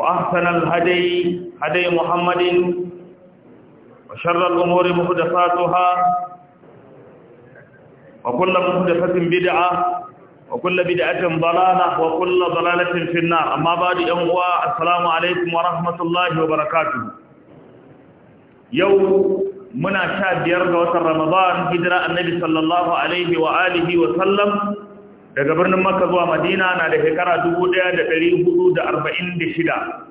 وأحسن الهدي هدي محمد وشر الأمور محدثاتها وكل محدثة بدعة وكل بدعة ضلالة وكل ضلالة في النار أما بعد أموى السلام عليكم ورحمة الله وبركاته يوم منا شاد يرجع رمضان هجرة النبي صلى الله عليه وآله وسلم daga birnin makka zuwa madina na da shekara 1446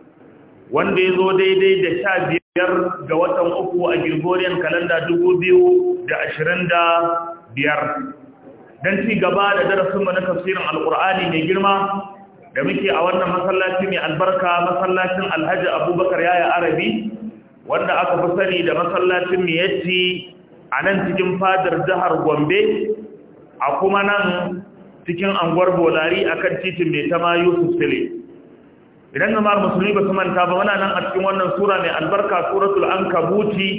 wanda ya zo daidai da sha biyar ga watan uku a gregorian kalanda biyar. don ci gaba da darasinmu na tafsirin alkur'ani mai girma da muke a wannan masallaci mai albarka masallacin alhaji abubakar yaya arabi wanda aka fi sani da masallacin miyatti a nan cikin fadar jihar gombe a kuma nan cikin anguwar bolari a kan titin mai tama yusuf sile idan gama musulmi ba su manta ba muna nan a cikin wannan sura mai albarka suratul an kabuti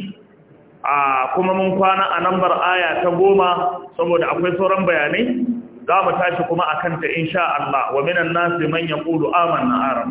a kuma mun kwana a nambar aya ta goma saboda akwai sauran bayanai za mu tashi kuma a kanta insha Allah wa minan nasi man aman na aram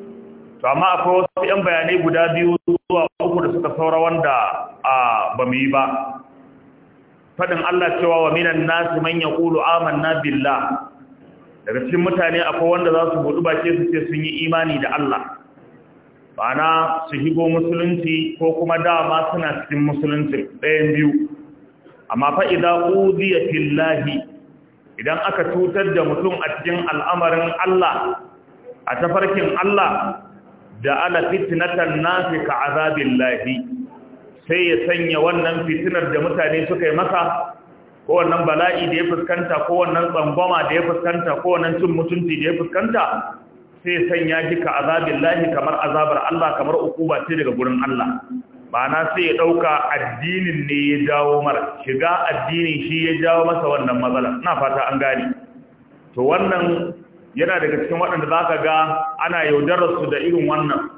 to amma akwai wasu yan bayanai guda biyu zuwa uku da suka saura wanda a ba mu yi ba fadin Allah cewa wa minan nasu man yaqulu amanna billah daga cikin mutane akwai wanda za su budu bake su ce sun yi imani da Allah bana su higo musulunci ko kuma dama suna cikin musulunci ɗayan biyu amma fa idza udiya fillahi idan aka cutar da mutum a cikin al'amarin Allah a tafarkin Allah Da ja'ala fitnatan nasi ka lahi, sai ya sanya wannan fitinar da mutane suka yi masa ko wannan bala'i da ya fuskanta ko wannan tsangwama da ya fuskanta ko wannan cin mutunci da ya fuskanta sai sanya shi ka lahi kamar azabar Allah kamar ukuba ce daga gurin Allah ma'ana sai ya ɗauka addinin ne ya jawo mara shiga addinin shi ya jawo masa wannan matsala ina fata an gane to wannan yana daga cikin waɗanda za ka ga ana su da irin wannan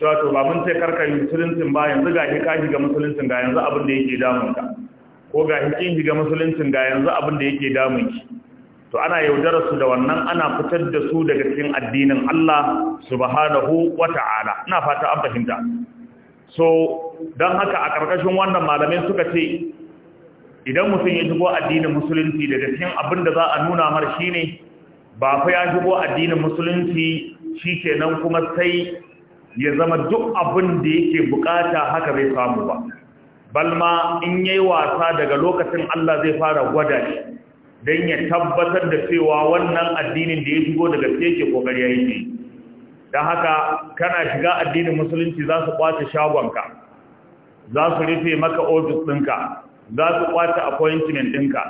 cewa to ba mun sai karka yi musuluncin ba yanzu ga shi ka shiga musuluncin ga yanzu abin da yake damun ka ko ga shi kin shiga musuluncin ga yanzu abin da yake damun ki to ana su da wannan ana fitar da su daga cikin addinin Allah subhanahu wata'ala ina fata an fahimta so don haka a ƙarƙashin wannan malamai suka ce idan mutum ya shigo addinin musulunci daga cikin abin da za a nuna mar shine ba fa ya shigo addinin musulunci shi kenan kuma sai ya zama duk abin da yake bukata haka bai samu ba balma in yayi wasa daga lokacin Allah zai fara gwada shi don ya tabbatar da cewa wannan addinin da ya shigo daga yake kokari ya yi Da haka kana shiga addinin musulunci za su kwace shagonka za su rufe maka ofis ɗinka za su kwace appointment ɗinka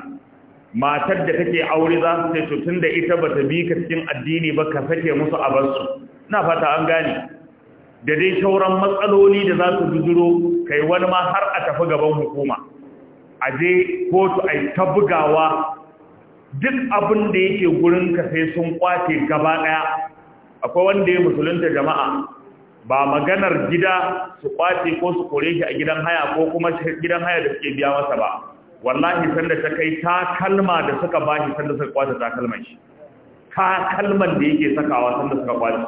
matar da take aure za su ce to tunda ita bata bi ka cikin addini ba ka sake musu abansu Ina fata an gane da dai shauran matsaloli da za su zuzuro kai wani ma har a tafi gaban hukuma a je kotu a ta bugawa duk abin da yake gurin ka sai sun kwace gaba daya akwai wanda ya musulunta jama'a ba maganar gida su kwace ko su kore shi a gidan haya ko kuma gidan haya da suke biya masa ba wallahi sanda ta kai takalma da suka bashi sanda suka kwace ta shi takalman da yake sakawa sanda suka kwace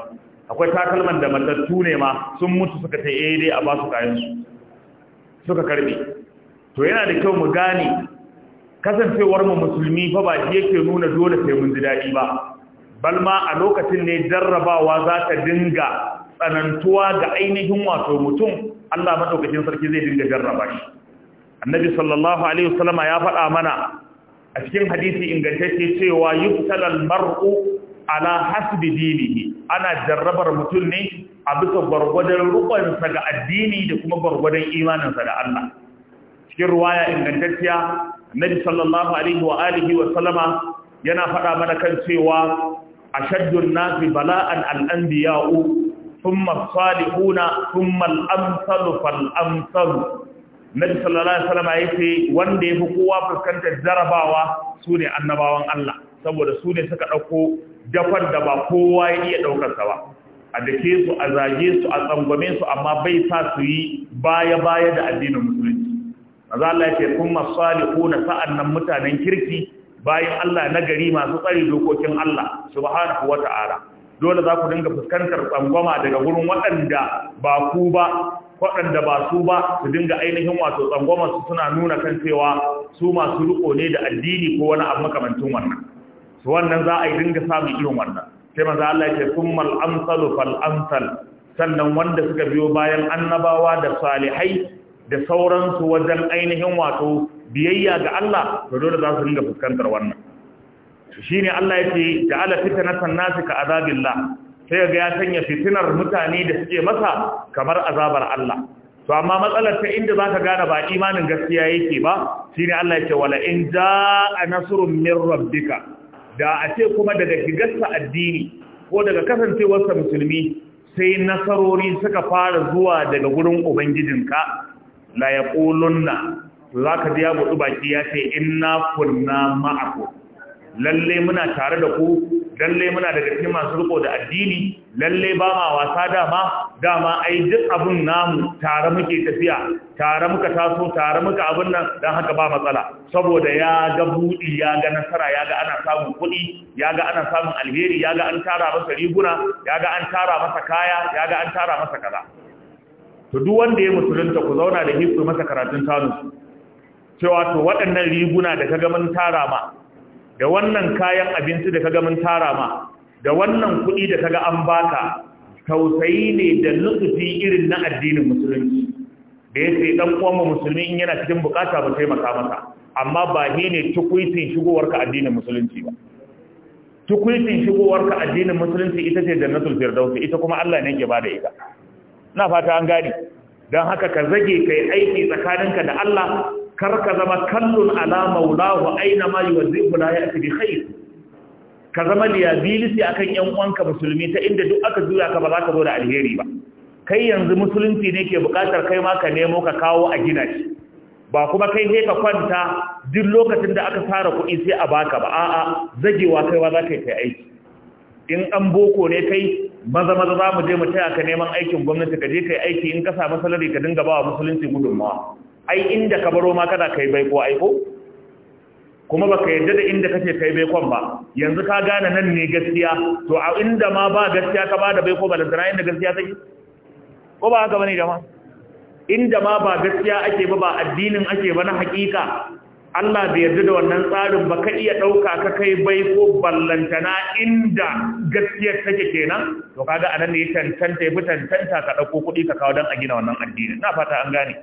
akwai ta da matattu ne ma sun mutu suka ta eh dai a ba su kayan su suka karbe to yana da kyau mu gane kasancewar mu musulmi fa ba shi yake nuna dole sai mun ji dadi ba balma a lokacin ne jarrabawa za ta dinga tsanantuwa ga ainihin wato mutum Allah madaukakin sarki zai dinga jarraba shi annabi sallallahu alaihi wasallama ya faɗa mana a cikin hadisi ingantacce cewa yuftalal mar'u ala hasbi dinihi ana jarrabar mutum ne a bisa gwargwadon sa ga addini da kuma gwargwadon imaninsa da Allah cikin ruwaya ingantacciya annabi sallallahu alaihi wa alihi wa yana faɗa mana kan cewa ashaddun nasi bala'an al-anbiya'u thumma as-salihuna thumma al-amsalu fal-amsalu Nabi sallallahu alaihi wasallam ce wanda yafi kowa fuskantar jarabawa su ne annabawan Allah saboda su ne suka dauko dafar da ba kowa ya iya daukar ba a dake su a zage su a tsangwame su amma bai sa su yi baya baya da addinin musulunci maza Allah ce kun masalihuna nan mutanen kirki bayan Allah na gari masu tsari dokokin Allah subhanahu wata'ala dole za ku dinga fuskantar tsangwama daga gurin waɗanda ba ku ba waɗanda ba su ba su dinga ainihin wato tsangwamar su suna nuna kan cewa su masu riko ne da addini ko wani abu makamancin wannan su wannan za a yi dinga samun irin wannan sai manzo Allah yake summal amsalu fal amsal sannan wanda suka biyo bayan annabawa da salihai da sauransu wajen ainihin wato biyayya ga Allah to dole za su dinga fuskantar wannan shine Allah yake ja'ala fitnatan nasi ka azabillah sai ga ya sanya fitinar mutane da suke masa kamar azabar Allah to amma matsalar ta inda zaka gane ba imanin gaskiya yake ba shine Allah yake wala in jaa nasrun min rabbika da a ce kuma daga gigarsa addini ko daga kasancewarsa musulmi sai nasarori suka fara zuwa daga gurin ubangijinka la yaqulunna zaka ji ya gudu baki ya ce inna kunna ma'akum lalle muna tare da ku lalle muna da cikin masu riko da addini lalle ba ma wasa dama dama ai duk abun namu tare muke tafiya tare muka taso tare muka abun nan dan haka ba matsala saboda ya ga buɗi ya ga nasara ya ga ana samun kuɗi ya ga ana samun alheri ya ga an tara masa riguna ya ga an tara masa kaya ya ga an tara masa kaza to duk wanda ya musulunta ku zauna da hikku masa karatun tanu cewa to waɗannan riguna da ka ga mun tara ma da wannan kayan abinci da kaga mun tara ma da wannan kuɗi da kaga an baka tausayi ne da nufi irin na addinin musulunci da ya ce dan uwan musulmi in yana cikin bukata ba sai maka masa amma ba ne ne tukuitin shigowarka addinin musulunci ba tukuitin shigowarka addinin musulunci ita ce jannatul firdausi ita kuma Allah ne ke bada ita ina fata an gani don haka ka zage kai aiki tsakaninka da Allah kar ka zama kallon ala maulahu aina ma yuzifu la ya'ti bi khair ka zama liyabilisi akan yan uwanka musulmi ta inda duk aka juya ka ba za ka zo da alheri ba kai yanzu musulunci ne ke bukatar kai ma ka nemo ka kawo a gina shi ba kuma kai sai ka kwanta duk lokacin da aka tsara kuɗi sai a baka ba a'a zagewa kai za ka yi aiki in an boko ne kai maza maza za mu je mu taya ka neman aikin gwamnati ka je kai aiki in ka samu salari ka dinga bawa musulunci gudunmawa ai inda ka baro ma kada kai bai ko aiko kuma baka yadda da inda kake kai baikon ba yanzu ka gane nan ne gaskiya to a inda ma ba gaskiya ka ba da ko ba da inda gaskiya take ko ba haka bane jama'a inda ma ba gaskiya ake ba ba addinin ake ba na hakika Allah bai yarda da wannan tsarin ba ka iya ɗauka ka kai bai ko ballantana inda gaskiyar take kenan to kaga anan ne ya tantanta ya fi tantanta ka ɗauko kuɗi ka kawo don a gina wannan addini na fata an gane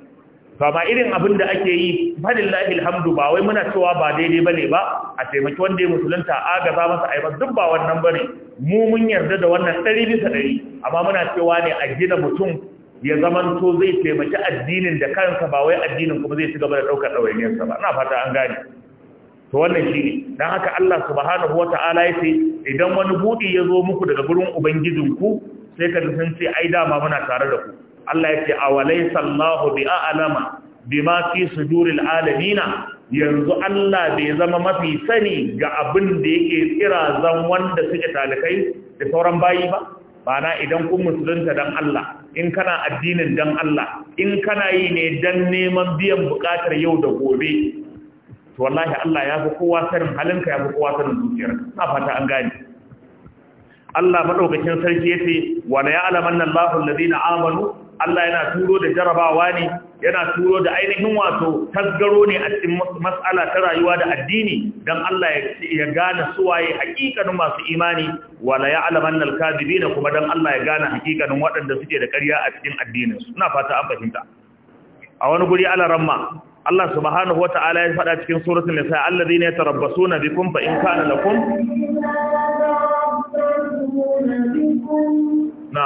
to amma irin abin da ake yi falillahi alhamdu ba wai muna cewa ba daidai bane ba a taimaki wanda ya musulunta a za masa aibar. duk ba wannan bane mu mun yarda da wannan ɗari bisa ɗari amma muna cewa ne a gina mutum ya zamanto zai taimaki addinin da kansa ba wai addinin kuma zai ci gaba da ɗaukar ɗawainiyarsa ba na fata an gane to wannan shi don haka Allah subhanahu wa ta'ala ya ce idan wani buɗi ya zo muku daga gurin ubangijinku sai ka sun ce ai dama muna tare da ku Allah ya ce a Allahu bi a'lama bima fi suduril alamina yanzu Allah bai zama mafi sani ga abin da yake tsira zan wanda suke talikai da sauran bayi ba ba na idan kun musulunta dan Allah in kana addinin dan Allah in kana yi ne dan neman biyan bukatar yau da gobe to wallahi Allah ya fi kowa sanin halinka ya fi kowa sanin zuciyarka na fata an gane Allah madaukakin sarki yace wa la ya'lamanna Allahu alladhina amanu Allah yana turo da jarabawa ne yana turo da ainihin wato tasgaro ne a cikin mas'ala ta rayuwa da addini don Allah ya gane suwaye hakikanin masu imani wala ya alaman alkazibina kuma don Allah ya gane hakikanin waɗanda suke da ƙarya a cikin addinin Ina fata an fahimta a wani guri ala ramma Allah subhanahu wa ta'ala ya faɗa cikin suratul nisa alladhina yatarabbasuna bikum fa in kana lakum na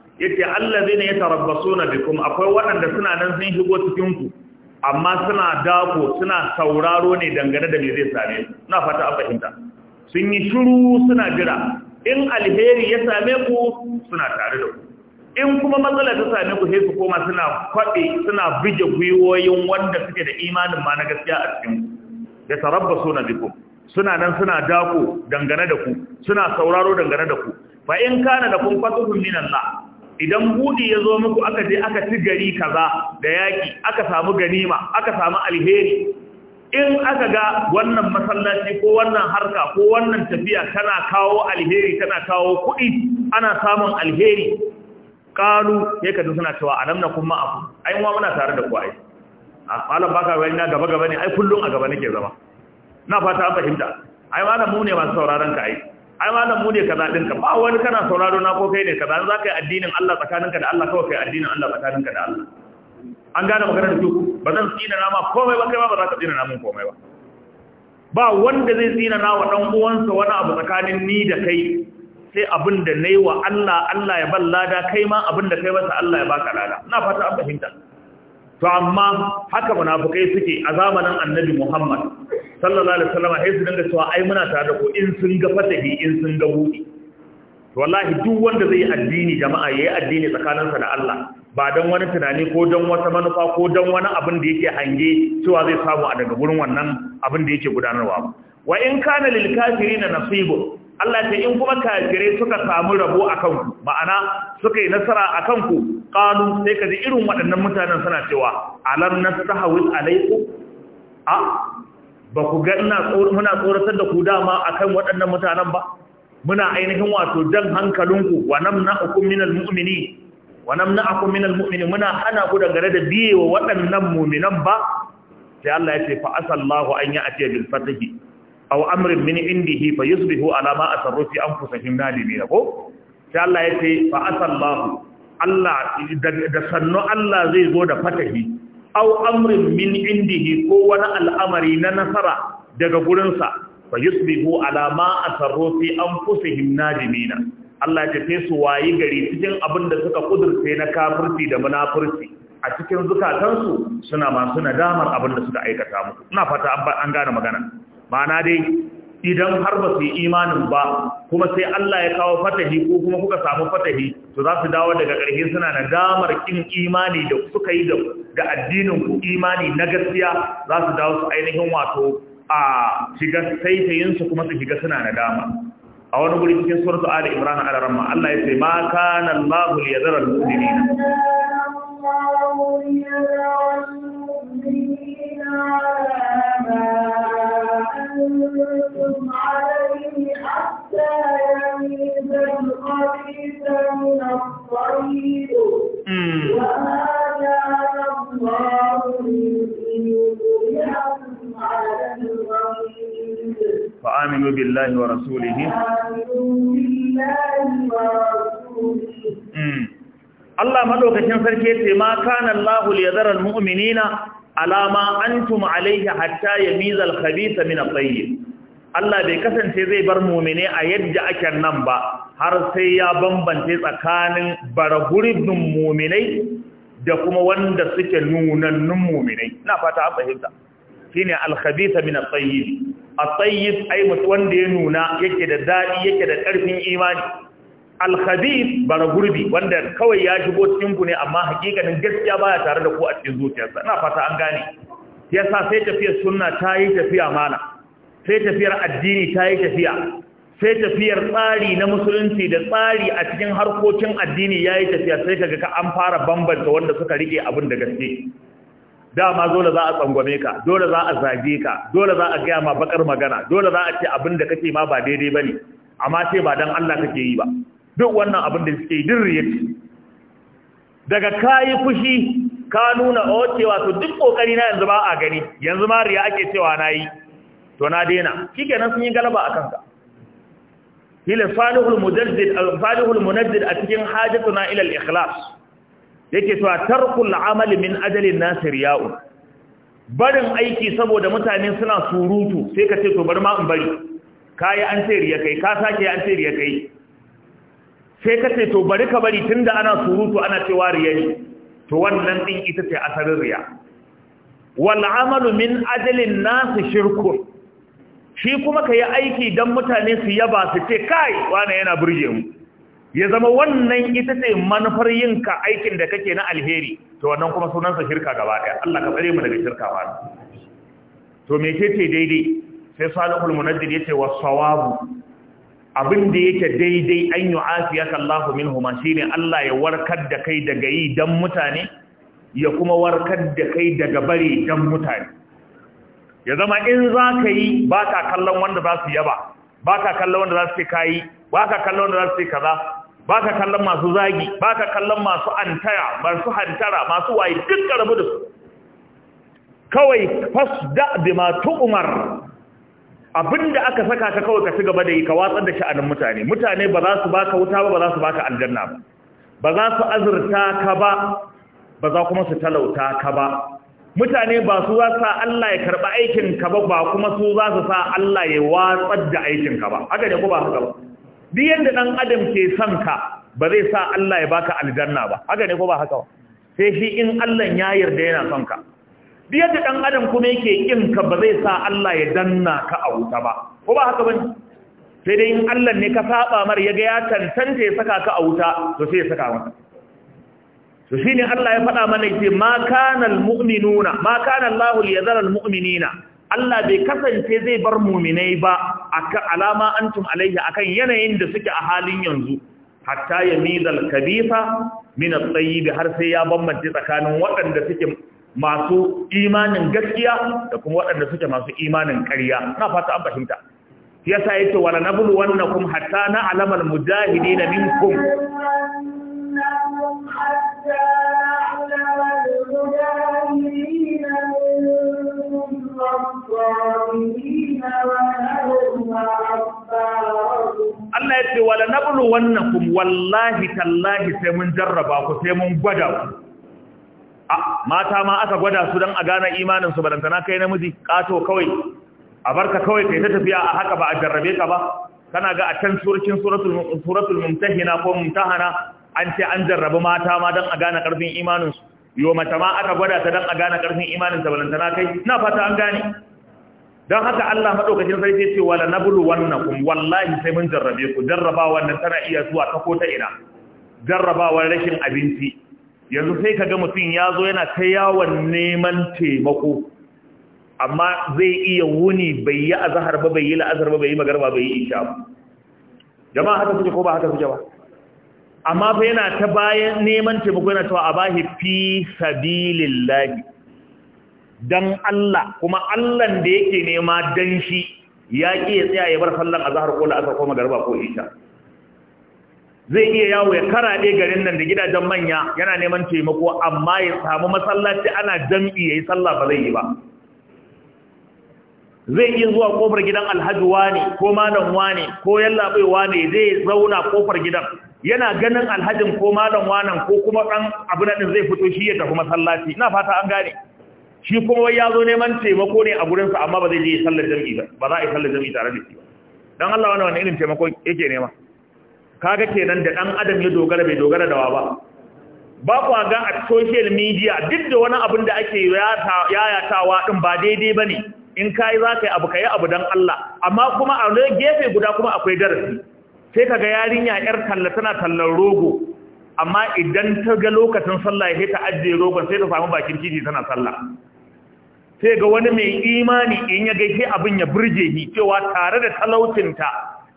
yace allazina yatarabbasuna bikum akwai waɗanda suna nan sun shigo cikin ku amma suna dako suna sauraro ne dangane da me zai same su ina fata a fahimta sun yi shiru suna jira in alheri ya same ku suna tare da ku in kuma matsala ta same ku sai su koma suna kwaɗe suna bige gwiwoyin wanda suke da imanin ma na gaskiya a cikin da tarabbasuna bikum suna nan suna dako dangane da ku suna sauraro dangane da ku fa in kana da kun fatuhu minallah idan budi ya zo muku aka je aka ci gari kaza da yaki aka samu ganima aka samu alheri in aka ga wannan masallaci ko wannan harka ko wannan tafiya tana kawo alheri tana kawo kuɗi ana samun alheri ƙalu ya kaji suna cewa a namna kuma abu ai wa muna tare da kuwa. a malam baka bayan na gaba gaba ne ai kullum a gaba nake zama na fata an fahimta ai malam mu ne masu sauraron ka ai ai malam mu ne kaza dinka ba wani kana sauraro na ko kai ne kaza za ka yi addinin Allah tsakaninka da Allah kawai kai addinin Allah tsakaninka da Allah an gane maganar da ba zan tsina na ma komai ba kai ba ba za ka tsina na mun komai ba ba wanda zai tsina na wa ɗan uwansa wani abu tsakanin ni da kai sai abin da na yi wa Allah Allah ya ban lada kai ma abin da kai masa Allah ya baka lada Ina fata an fahimta to amma haka munafukai suke a zamanin annabi Muhammad sallallahu alaihi wasallam sai su danga cewa ai muna tare da ku in sun ga fatahi in sun ga buɗi to wallahi duk wanda zai addini jama'a yayi addini tsakaninsa da Allah ba dan wani tunani ko dan wata manufa ko dan wani abin da yake hange cewa zai samu a daga gurin wannan abin da yake gudanarwa wa in kana lil na nasibu Allah ta in kuma kafirai suka samu rabo a kanku ma'ana suka yi nasara a kanku ƙanu, sai ka ji irin waɗannan mutanen suna cewa alam na sahawin alaiku a ba ku ga muna tsoratar da ku dama a kan waɗannan mutanen ba muna ainihin wato jan hankalinku wa nam na akun minal mu'mini wa nam na minal mu'mini muna hana ku dangane da biye wa waɗannan mu'minan ba sai Allah ya ce fa asallahu an yi a ce bil fatihi aw amrin min indihi fa yusbihu ala ma asarru fi anfusihim nadimin ko sai Allah yace fa asallahu Allah da sannu Allah zai zo da fatahi aw amrin min indihi ko wani al'amari na nasara daga gurinsa fa yusbihu ala ma asarru fi anfusihim nadimin Allah ya tafi su wayi gari cikin abin da suka kudurce na kafirci da munafurci a cikin zukatansu suna masu nadamar abin da suka aikata musu ina fata an gane magana ma'ana dai idan har ba su yi imanin ba kuma sai Allah ya kawo fatahi ko kuma kuka samu fatahi to za su dawo daga ƙarshe suna nadamar kin imani da suka yi da addinin ku imani na gaskiya za su dawo su ainihin wato a shiga saitayinsu kuma su shiga suna nadama a wani guri cikin suratu ali imran ala Allah ya ce ma kana Allah liyadhara al muminin Allah al أنتم عليه حتى يميز الخبيث من الطيب وما كان الله ليطلعكم على الغيب فآمنوا بالله ورسوله فآمنوا بالله ورسوله Allah madaukakin sarki yace ma kana Allahu liyadhara almu'minina alama antuma alaihi hatta yamiza al-khabitha min Allah bai kasance zai bar mumine a yadda ake nan ba har sai ya bambance tsakanin baragurbin muminai da kuma wanda suke nunannun muminai Ina fata an fahimta shine al-khabitha min at-tayyib ai tayyib wanda ya nuna yake da dadi yake da karfin imani alhadis bara gurbi wanda kawai ya shigo cikin ku ne amma hakikanin gaskiya baya tare da ku a cikin zuciyarsa ina fata an gane yasa sai tafiyar sunna ta yi tafiya mana sai tafiyar addini ta yi tafiya sai tafiyar tsari na musulunci da tsari a cikin harkokin addini ya yi tafiya sai kaga ka an fara bambanta wanda suka rike abin da gaske dama dole za a tsangwame ka dole za a zage ka dole za a gaya ma bakar magana dole za a ce abin da kake ma ba daidai bane amma sai ba dan Allah kake yi ba duk wannan abin da suke din riyaci daga kayi fushi ka nuna o oh, cewa to duk kokari na yanzu ba a gani yanzu ma riya ake cewa nayi to na daina shikenan sun yi galaba akan ka hila salihul mujaddid salihul munaddid a cikin hajatuna ila al-ikhlas yake cewa tarkul amali min ajalin nasiriyau barin aiki saboda mutane suna surutu sai ka ce to bar ma in bari kai an sai riya kai ka sake an sai riya kai sai ka ce to bari ka bari tun da ana surutu ana cewa riya to wannan din ita ce asalin riya wal amalu min ajlin nas shirku shi kuma kayi aiki dan mutane su yaba su ce kai wane yana burge mu ya zama wannan ita ce manufar yin ka aikin da kake na alheri to wannan kuma sunansa shirka gaba ɗaya. Allah ka tsare mu daga shirka ba to me ce daidai sai salihul munajjid yace was sawabu abin da yake daidai an Asiya Allahu minhuma shine Allah ya warkar da kai daga yi dan mutane ya kuma warkar da kai daga bari dan mutane ya zama in za ka yi ba ka kallon wanda za su yaba ba ka kallon wanda za su ce kayi ba ka kallon wanda za su ce kaza ba ka kallon masu zagi ba ka kallon masu antara masu hantara masu waye duk rubutu. da su kawai fasda bima tu'mar abinda aka saka ka kawai ka ci gaba da yi ka watsar da sha'anin mutane mutane ba za su baka wuta ba ba za su baka aljanna ba ba za su azurta ka ba ba za kuma su talauta ka ba mutane ba su za sa Allah ya karba aikin ka ba ba kuma su za su sa Allah ya watsar da aikin ka ba haka ne ko ba haka ba duk yanda dan adam ke son ka ba zai sa Allah ya baka aljanna ba haka ne ko ba haka ba sai shi in Allah ya yarda yana son ka biyar da ɗan adam kuma yake ƙinka ba zai sa Allah ya danna ka a wuta ba ko ba haka bane sai dai Allah ne ka saba mar ya ga ya tantance ya saka ka a wuta to sai ya saka maka to ne Allah ya faɗa mana yace ma kana almu'minuna ma kana Allahu liyadhara Allah bai kasance zai bar mu'minai ba alama antum alaihi akan yanayin da suke a halin yanzu hatta Nizal Kabisa min Tsayi har sai ya bambance tsakanin waɗanda suke masu imanin gaskiya da kuma waɗanda suke masu imanin ƙarya na fata an fahimta sa yake wala wannan wannakum hatta na alamal mujahidin minkum Allah ya ce wala wannan wannakum wallahi tallahi sai mun jarraba ku sai mun gwada ku mata ma aka gwada su don a gane imanin su balantana kai namiji kato kawai a barka kawai kai ta tafiya a haka ba a jarrabe ka ba kana ga a can surcin suratul mumtahina ko mumtahana an ce an jarrabi mata ma don a gane karfin imanin su yo mata ma aka gwada ta don a gane karfin imanin ta balantana kai na fata an gane don haka Allah madaukakin sarki ce wala nabulu wannakum wallahi sai mun jarrabe ku jarrabawa wannan tana iya zuwa ta ko ta ina jarrabawa rashin abinci yanzu sai ka ga mutum ya zo yana ta yawon neman taimako amma zai iya wuni bai yi azahar ba bai yi la'azar ba bai yi magarba bai yi isha ba jama'a haka suke ko ba haka suke ba amma fa yana ta bayan neman taimako yana cewa a bahi fi lahi dan Allah kuma Allah da yake nema dan shi ya ƙi ya tsaya ya bar sallan azahar, ko la'azar ko magarba ko isha zai iya yawo ya karaɗe garin nan da gidajen manya yana neman taimako amma ya samu masallaci ana jam'i ya yi sallah ba zai yi ba zai iya zuwa kofar gidan alhaji wane ko malam wane ko bai wani zai zauna kofar gidan yana ganin alhajin ko malam wani ko kuma ɗan abu naɗin zai fito shi ya tafi masallaci ina fata an gane shi kuma wai ya zo neman taimako ne a gurinsa amma ba zai je sallar jam'i ba ba za a yi sallar jam'i tare da shi ba don Allah wani wani irin taimako yake nema kaga kenan da dan adam ya dogara bai dogara da wa ba ba ku ga a social media duk da wani abin da ake yayatawa din ba daidai bane in kai za ka yi abu kai abu dan Allah amma kuma a gefe guda kuma akwai darasi sai kaga yarinya yar talla tana tallan rogo amma idan ta ga lokacin sallah ya ta ajiye rogon sai ta samu bakin kiji tana sallah sai ga wani mai imani in ya gaishe abin ya burge shi cewa tare da talautinta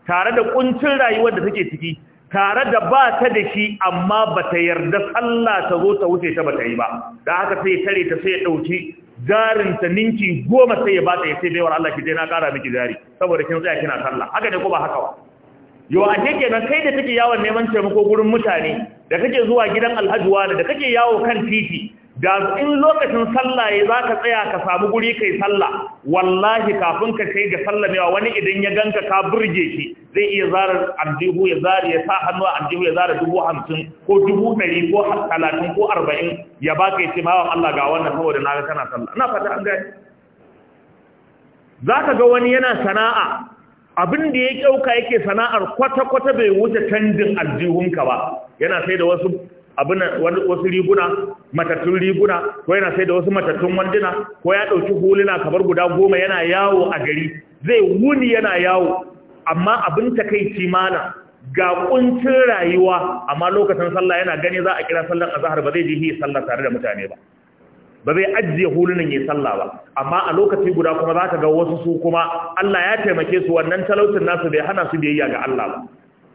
tare da kuncin rayuwar da take ciki tare da ba ta da shi amma ba ta yarda sallah ta zo ta wuce ta ba ta yi ba da haka sai tare ta sai ya ɗauki jarinta ninki goma sai ya ba ta ya sai baiwar Allah ki je na ƙara miki jari saboda kin tsaya kina sallah haka ne ko ba haka ba yo a ke kenan kai da take yawon neman taimako gurin mutane da kake zuwa gidan alhaji wala da kake yawo kan titi ga in lokacin sallah ya za ka tsaya ka samu guri kai sallah wallahi kafin ka kai ga sallamewa wani idan ya ganka ka burge shi zai iya zarar aljihu ya zara ya sa hannu a aljihu ya zara dubu hamsin ko dubu ɗari ko talatin ko arba'in ya ba ka yi Allah ga wannan saboda na ga kana sallah ina fata an gaya. za ka ga wani yana sana'a abin da ya kyauka yake sana'ar kwata-kwata bai wuce canjin aljihunka ba yana sai da wasu abin wasu riguna matattun riguna ko yana sai da wasu matattun wanduna ko ya ɗauki huluna kamar guda goma yana yawo a gari zai wuni yana yawo amma abin takaici mana ga kuncin rayuwa amma lokacin sallah yana gani za a kira sallar azhar ba zai ji yi sallah tare da mutane ba ba zai ajiye hulunan yi sallah ba amma a lokaci guda kuma za ka ga wasu su kuma Allah ya taimake su wannan talaucin nasu bai hana su biyayya ga Allah ba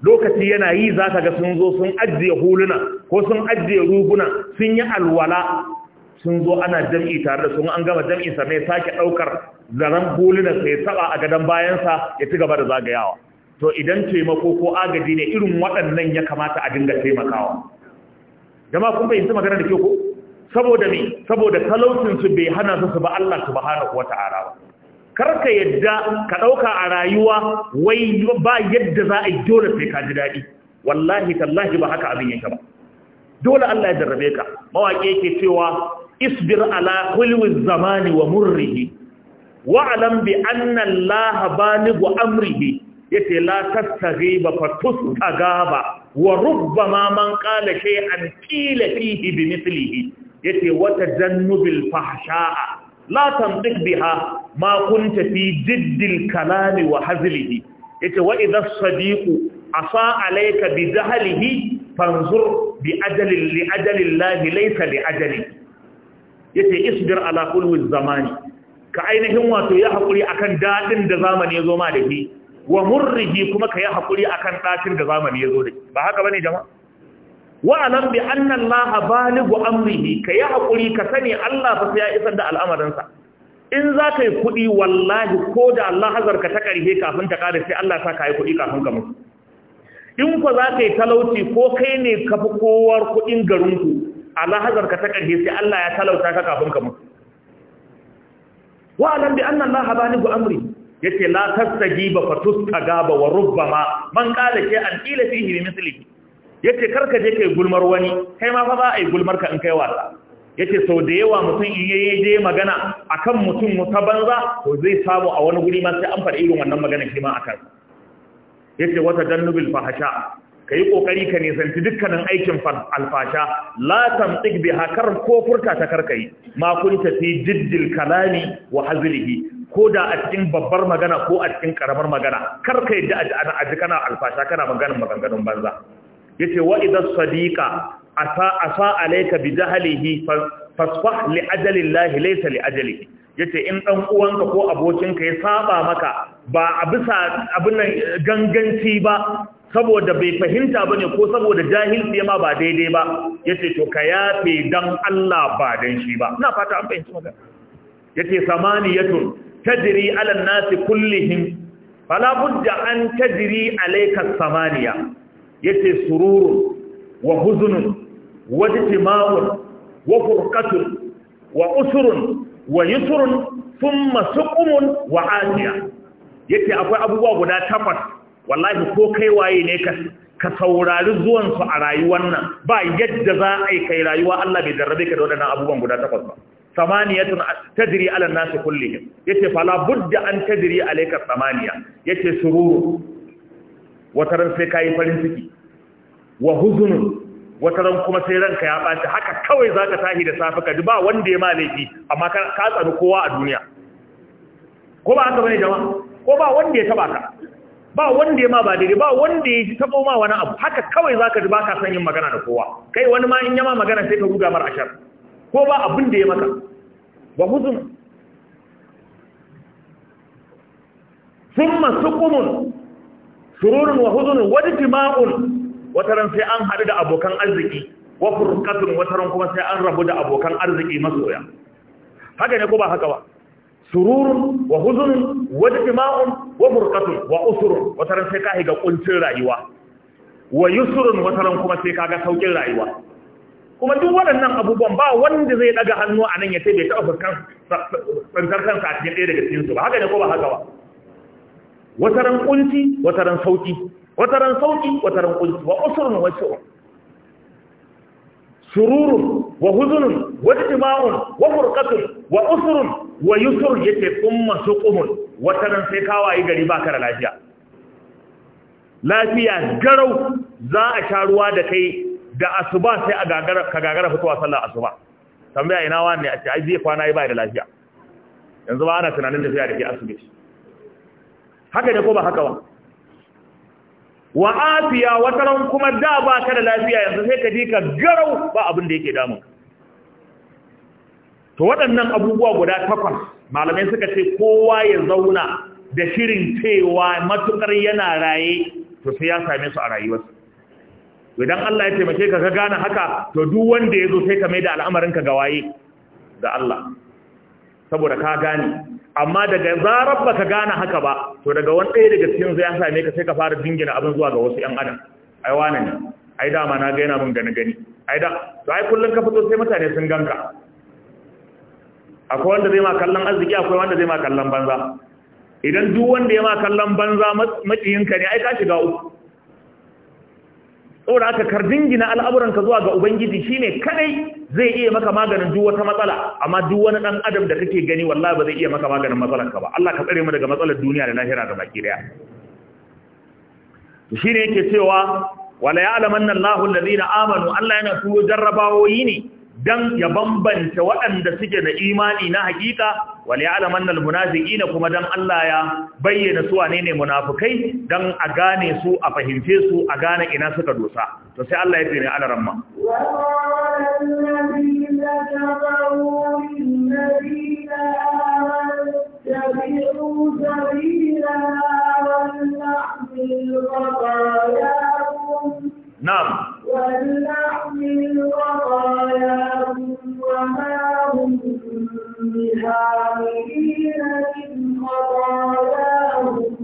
lokaci yana yi za ka ga sun zo sun ajiye huluna ko sun ajiye ruguna sun yi alwala sun zo ana jam'i tare da sun an gama jam'i sa mai sake ɗaukar zaren huluna sai saba a gadon bayansa ya ci gaba da zagayawa to idan taimako ko agaji ne irin waɗannan ya kamata a dinga taimakawa jama'a kun fahimci magana da ke ko saboda me saboda talaucinsu bai hana su ba Allah subhanahu wata'ala ba kar ka yadda ka ɗauka a rayuwa wai ba yadda za a yi dole sai ka ji daɗi wallahi tallahi ba haka abin yake ba dole Allah ya jarrabe ka mawaƙi yake cewa isbir ala kulli zamani wa murrihi wa alam bi anna Allah balighu amrihi yace la tastaghiba fa tusqagaba wa rubbama man qala shay'an qila fihi bi mithlihi yace wa tajannubil fahsha'a la tantiq biha ma kunta fi jiddil kalami wa hazlihi yace wa idha sadiqu asa alayka bi jahlihi fanzur bi ajalin li ajalin lahi laysa li ajali yace isbir ala kulli zamani ka ainihin wato ya hakuri akan dadin da zamani ya zo ma da shi wa murrihi kuma ka ya hakuri akan dakin da zamani ya zo da shi ba haka bane jama'a wa'alam bi anna allaha balighu amrihi ka yi haƙuri ka sani Allah fa ya isar da al'amarinsa in za ka yi kuɗi wallahi ko da Allah hazarka ta ƙarfe kafin ta ƙare sai Allah ta yi kuɗi kafin ka mutu in ku za ka yi talauci ko kai ne ka fi kowar kuɗin garinku Allah hazarka ta ƙarfe sai Allah ya talauta ka kafin ka mutu wa'alam bi anna allaha balighu amrihi yace la tastajiba fa tustaga wa rubbama man qala shay'an qila fihi bi mislihi Yace ce karka je kai gulmar wani kai ma fa za a yi gulmar ka in kai wasa Yace ce sau da yawa mutum in yi je magana akan mutum ta banza ko zai samu a wani guri ma sai an faɗi irin wannan magana shi ma akan ya wata dannubil fahasha ka yi ƙoƙari ka nisanci dukkanin aikin alfasha la tamtik bi hakar ko furta ta karkai ma ta fi jiddil kalami wa hazlihi ko da a cikin babbar magana ko a cikin karamar magana karkai da a jikana kana alfasha kana maganar maganganun banza yace wa idha sadiqa asa asa alayka bi jahlihi fasfah li ajalillahi laysa li ajali yace in dan uwanka ko abokinka ya saba maka ba a bisa abin nan ganganci ba saboda bai fahimta bane ko saboda jahilci ma ba daidai ba yace to ka yafe dan Allah ba dan shi ba ina fata an fahimci magana yace samaniyatun tajri ala nasi kullihin fala budda an tajri alayka samaniya yace sururun wa huzunun wa jitima'un wa furqatun wa usurun, wa sun masu suqumun wa ajiya. yace akwai abubuwa guda takwas wallahi ko kai waye ne ka saurari zuwan su a rayuwar nan ba yadda za a yi kai rayuwa Allah bai jarrabe ka da waɗannan abubuwan guda takwas ba samaniyatun tajri ala nasi kullihim yace fala budda an tajri alayka samaniya yace sururu wata ran sai kayi farin ciki wa huzun wata ran kuma sai ranka ya ɓaci haka kawai za ka tahi da safe ka ba wanda ya ma laifi amma ka tsani kowa a duniya ko ba haka bane jama'a ko ba wanda ya taba ka ba wanda ya ma ba daidai ba wanda ya tabo ma wani abu haka kawai za ka ji ba ka san yin magana da kowa kai wani ma in yama magana sai ka ruga mar ashar ko ba abin da ya maka wa huzun summa suqumun Sururin wa huzunun wani jima'un wataran sai an haɗu da abokan arziki wa furkatun wataran kuma sai an rabu da abokan arziki masoya haka ne ko ba haka ba Sururin wa huzunun wa jima'un wa furqatun wa usurun wataran sai ka higa kuncin rayuwa wa yusurun wataran kuma sai ka ga saukin rayuwa kuma duk waɗannan abubuwan ba wanda zai daga hannu a nan ya ce bai taɓa fuskan tsantar kansa a cikin ɗaya daga cikin su ba haka ne ko ba haka ba wataran kunci wataran sauki wataran sauki wataran kunci wa usrun wa su'un sururun wa huzunun wa ijma'un wa furqatun wa usrun wa yusr yake kuma suqumun wataran sai kawai gari ba da lafiya lafiya garau za a sha ruwa da kai da asuba sai a gagara ka gagara fitowa sallar asuba tambaya ina wani a ce ai zai kwana yi ba da lafiya yanzu ba ana tunanin tafiya da ke asibiti haka ne ko ba haka ba wa afiya wataran kuma da ba ka da lafiya yanzu sai ka ji ka garau ba abin da yake damun to waɗannan abubuwa guda takwas malamai suka ce kowa ya zauna da shirin cewa matukar yana raye to sai ya same su a rayuwarsa idan Allah ya taimake ka ka gane haka to duk wanda ya zo sai ka mai da al'amarinka ga waye ga Allah saboda ka gane amma daga zarar baka gane haka ba to daga wani ɗaya daga cikin zai same ka sai ka fara dingina abin zuwa ga wasu ƴan adam ai wane ne ai dama na ga yana mun gani gani ai da to ai kullun ka fito sai mutane sun ganka akwai wanda zai ma kallon arziki akwai wanda zai ma kallon banza idan duk wanda ya ma kallon banza maciyinka ne ai ka shiga uku saboda aka gina al'amuranka zuwa ga ubangiji shine kadai zai iya maka maganin duk wata matsala amma duk wani dan adam da kake gani wallahi ba zai iya maka maganin matsalarka ba Allah ka tsare mu daga matsalar duniya da lahira ga baki daya to shine yake cewa wala ya'lamanna Allahu alladhina amanu Allah yana turo jarrabawoyi ne dan ya bambanta waɗanda suke da imani na hakika wal ya'laman munafiki munafiqina kuma dan Allah ya bayyana su wane ne munafukai, dan a gane su a fahimce su a gane ina suka dosa to sai Allah ya tsine alaramma اتبعوا نعم ولنحمل وطاياهم وما هم بحاملين من خطاياهم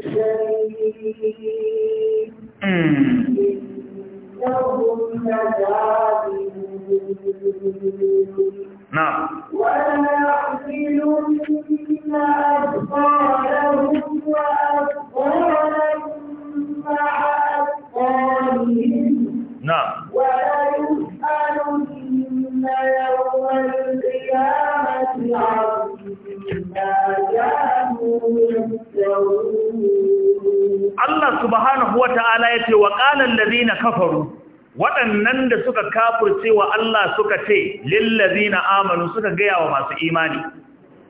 شيء إنهم لكاذبون نعم ولنحملن أثقالهم kafaru waɗannan da suka kafurce wa Allah suka ce lillazina amanu suka gaya wa masu imani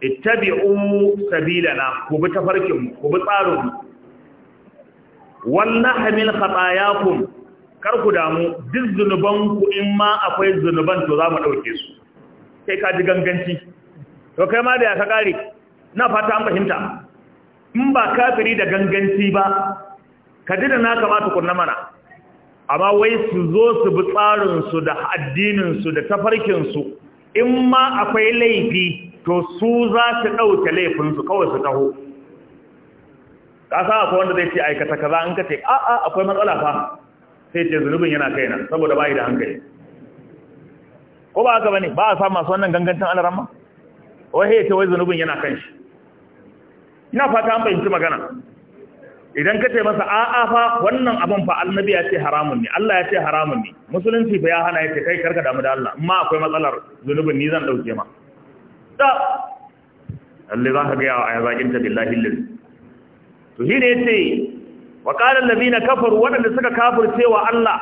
ittabi'u sabilana ku bi tafarkinmu ku bi tsarinmu wannan hamil khatayakum kar ku damu duk ku in ma akwai zunuban to za mu ɗauke su kai ka ji ganganci to kai ma da ya ka kare. na fata an fahimta in ba kafiri da ganganci ba ka ji da na kamata ku na mana amma wai su zo su bi tsarinsu da addininsu da tafarkinsu in ma akwai laifi to su za su ɗauke laifinsu kawai su taho ƙasa akwai wanda zai ce aikata kaza an ka ce a'a akwai matsala fa sai ce zunubin yana kaina saboda bayi da hankali ko ba haka bane ba a samu masu wannan gangantan alaramma wai ya ce wai zunubin yana kan shi ina fata an fahimci magana idan ka ce masa a'a fa wannan abin fa annabi ya ce haramun ne Allah ya ce haramun ne musulunci fa ya hana yake kai karka damu da Allah amma akwai matsalar zunubin ni zan dauke ma da Allah za ka ga a yazakin ta billahi lil to shi ne yace wa qala allazina kafaru wadanda suka kafirce wa Allah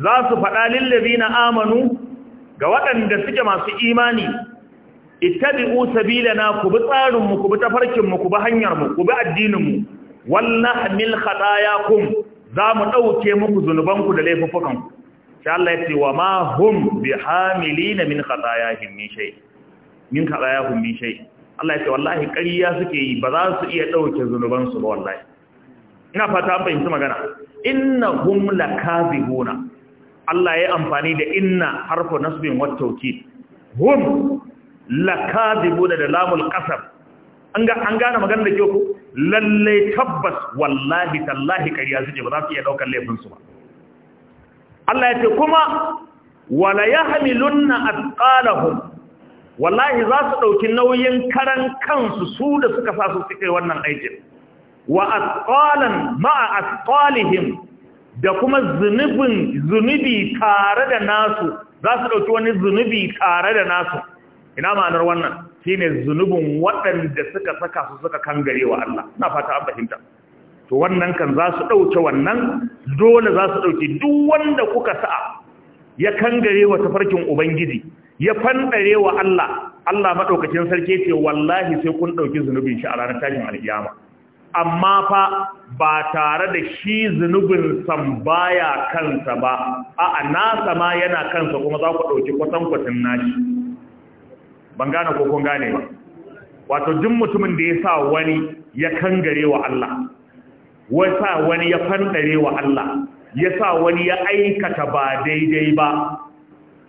za su fada lil ladina amanu ga waɗanda suke masu imani ittabi'u sabilana ku bi tsarin mu ku bi tafarkin mu ku bi hanyar mu ku bi addinin mu wannahmil khatayakum za mu ɗauke muku zunubanku da ku. Sha Allah ya ce wa ma hum bi hamilina min khatayahum min shay min khatayahum min shay Allah ya ce wallahi ƙarya suke yi ba za su iya ɗauke zunubansu ba wallahi ina fata an fahimci magana innahum lakazibuna Allah ya amfani da inna harfu nasbin wa tawkid hum lakazibuna da lamul qasab an ga an gane magana da ke ku lallai tabbas wallahi tallahi kariya suke ba za su iya daukar laifinsu ba Allah ya ce kuma wala yahmilunna athqalahum wallahi za su dauki nauyin karan kansu su da suka sa su wannan aikin wa athqalan ma'a athqalihim da kuma zunubin zunubi tare da nasu za su dauki wani zunubi tare da nasu ina ma'anar wannan shine zunubin waɗanda suka saka su suka kangare wa Allah ina fata an fahimta to wannan kan za su ɗauke wannan dole za su ɗauke duk wanda kuka sa'a ya kangare wa tafarkin ubangiji ya fandare wa Allah Allah maɗaukacin sarki ce wallahi sai kun ɗauki zunubin shi a ranar tashin alkiyama amma fa ba tare da shi zunubin san baya kansa ba a'a na sama yana kansa kuma za ku ɗauki kwatankwatin nashi ban gane ko kun gane ba wato duk mutumin da yasa wani ya kangare wa Allah wai wani ya fandare wa Allah yasa wani ya aikata ba daidai ba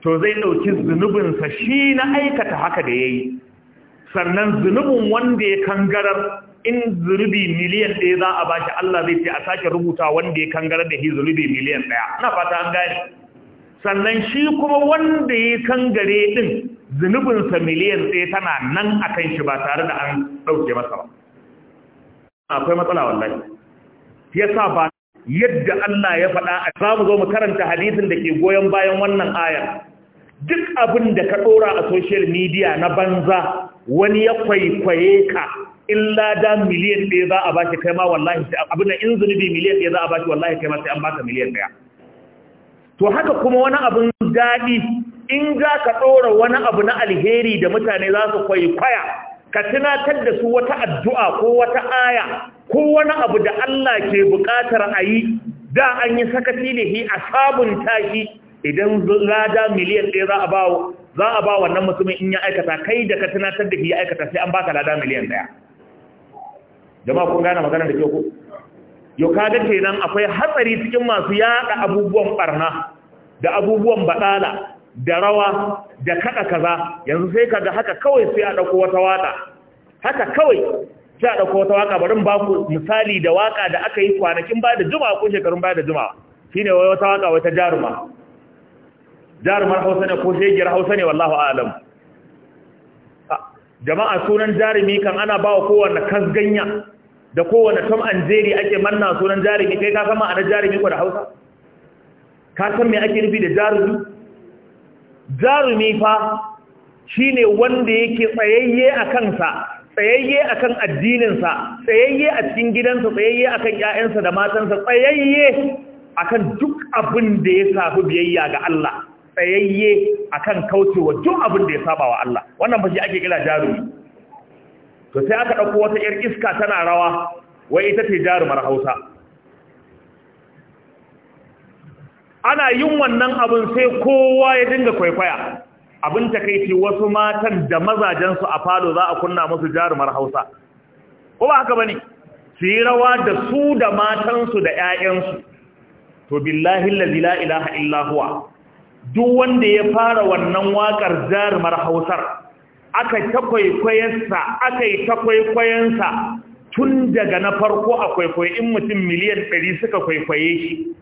to zai ɗauki zunubinsa shi na aikata haka da yayi. sannan zunubin wanda ya kangarar in zunubi miliyan ɗaya za a bashi Allah zai ce a sake rubuta wanda ya kangarar da shi zunubi miliyan ɗaya na fata an gane sannan shi kuma wanda ya kangare ɗin zunubinsa miliyan ɗaya tana nan a kan shi ba tare da an ɗauke masa ba akwai matsala wallahi ya sa ba yadda Allah ya faɗa a za mu zo mu karanta hadisin da ke goyon bayan wannan ayar duk abin da ka ɗora a social media na banza wani ya kwaikwaye ka illa da miliyan ɗaya za a baki kai ma wallahi abin da in zunubi miliyan ɗaya za a baki wallahi kai ma sai an baka miliyan ɗaya to haka kuma wani abin daɗi in za ka ɗora wani abu na alheri da mutane za su kwaikwaya ka tunatar da su wata addu'a ko wata aya ko wani abu da Allah ke buƙatar a yi da an yi sakati ne a sabunta shi idan lada miliyan ɗaya za a ba za a ba wannan mutumin in ya aikata kai da ka tunatar da shi ya aikata sai an baka lada miliyan ɗaya jama'a kun gane magana da ke ku yau ka kaga kenan akwai hatsari cikin masu yaɗa abubuwan barna da abubuwan baɗala da rawa da kada kaza yanzu sai kaga haka kawai sai a ɗauko wata waƙa haka kawai sai a ɗauko wata waƙa barin ba ku misali da waƙa da aka yi kwanakin ba da juma'a ko shekarun ba da juma'a shine wai wata waƙa wata jaruma jarumar hausa ne ko gira hausa ne wallahi alam jama'a sunan jarumi kan ana ba wa kowane kasganya da kowane tam an jeri ake manna sunan jarumi kai ka san ma'anar jarumi ko da hausa ka san me ake nufi da jarumi jarumi fa shine wanda yake tsayayye a kansa tsayayye a kan addininsa tsayayye a cikin gidansa tsayayye a kan 'ya'yansa da matansa tsayayye a kan duk abin da ya safi biyayya ga Allah tsayayye a akan kaucewa duk abin da ya saba wa Allah wannan ba shi ake kira jarumi to sai aka ɗauko wata yar iska tana rawa wai ita ce jarumar Hausa ana yin wannan abin sai kowa ya dinga kwaikwaya abin takaici wasu matan da mazajensu a falo za a kunna musu jarumar hausa ko ba haka ba ne su yi rawa da su da matansu da 'ya'yansu to billahi la ilaha illahuwa duk wanda ya fara wannan waƙar jarumar hausar aka ta kwaikwayarsa aka yi ta kwaikwayensa tun daga na farko a kwaikwayi in mutum miliyan 100 suka kwaikwaye shi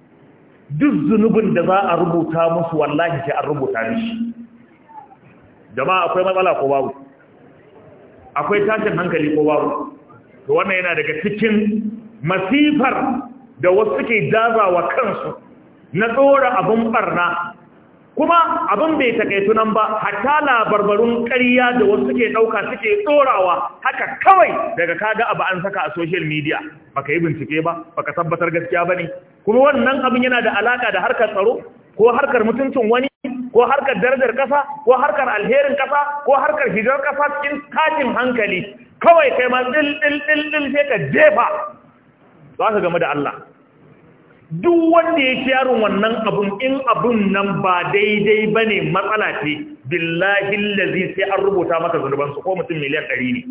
duk zunubin da za a rubuta musu wallahi sai an rubuta mishi jama'a akwai matsala ko babu akwai tashin hankali ko babu to wannan yana daga cikin masifar da wasu ke dazawa kansu na tsora abin barna kuma abin bai takaitu nan ba hatta labarbarun ƙarya da wasu suke ɗauka suke ɗorawa haka kawai daga kaga abu an saka a social media baka yi bincike ba baka tabbatar gaskiya ba ne kuma wannan abin yana da alaƙa da harkar tsaro ko harkar mutuncin wani ko harkar darajar ƙasa ko harkar alherin ƙasa ko harkar hijar ƙasa cikin katin hankali kawai kai ma ɗil ɗil ɗil ɗil sai ka jefa za ka game da Allah duk wanda ya yaron wannan abun in abun nan ba daidai bane matsala ce billahi lazi sai an rubuta maka zunubansu ko mutum miliyan ɗari ne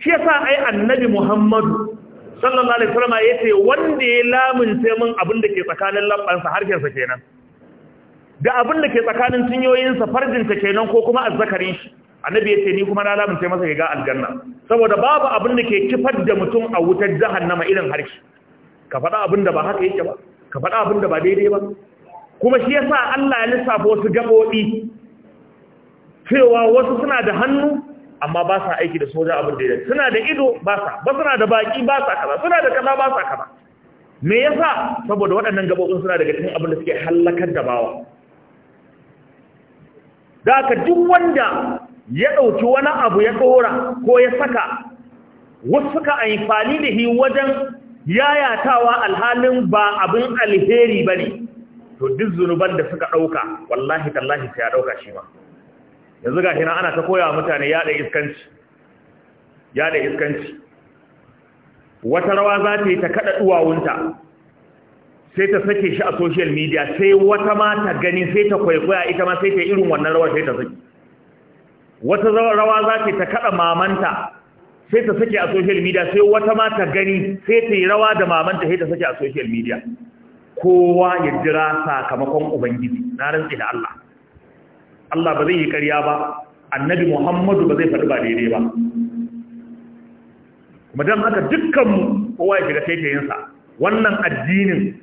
shi yasa ai annabi muhammadu sallallahu alaihi wasallam ya ce wanda ya lamunce min abin da ke tsakanin lambansa harshensa kenan da abin da ke tsakanin cinyoyinsa farjinta kenan ko kuma azzakarin shi annabi ya ce ni kuma na lamunce masa ya ga aljanna saboda babu abin da ke kifar da mutum a wutar jahannama irin harshe ka faɗa abin da ba haka yake ba ka faɗa abin da ba daidai ba kuma shi yasa Allah ya lissafa wasu gabobi cewa wasu suna da hannu amma ba sa aiki da soja abin daidai suna da ido ba sa ba suna da baki ba sa kaza suna da kaza ba sa kaza me yasa saboda waɗannan gabobin suna daga cikin abin da suke halakar da bawa da haka duk wanda ya ɗauki wani abu ya ɗora ko ya saka wasu suka amfani da shi wajen yayatawa alhalin ba abin alheri ba ne to duk zunuban da suka ɗauka wallahi tallahi sai ya ɗauka shi ba yanzu ga hina ana ta koya mutane yaɗa iskanci yaɗa iskanci wata rawa za ta yi ta kaɗa duwawunta sai ta sake shi a social media sai wata ma ta gani sai ta kwaikwaya ita ma sai ta irin wannan rawar sai ta sake wata rawa za ta kaɗa mamanta sai ta sake a social media sai wata ma ta gani sai ta yi rawa da mamanta sai ta sake a social media kowa ya jira sakamakon ubangiji na rantsi da Allah Allah ba zai yi ƙarya ba annabi Muhammadu ba zai faɗi ba daidai ba kuma don haka dukkanmu kowa ya shiga taitayinsa wannan addinin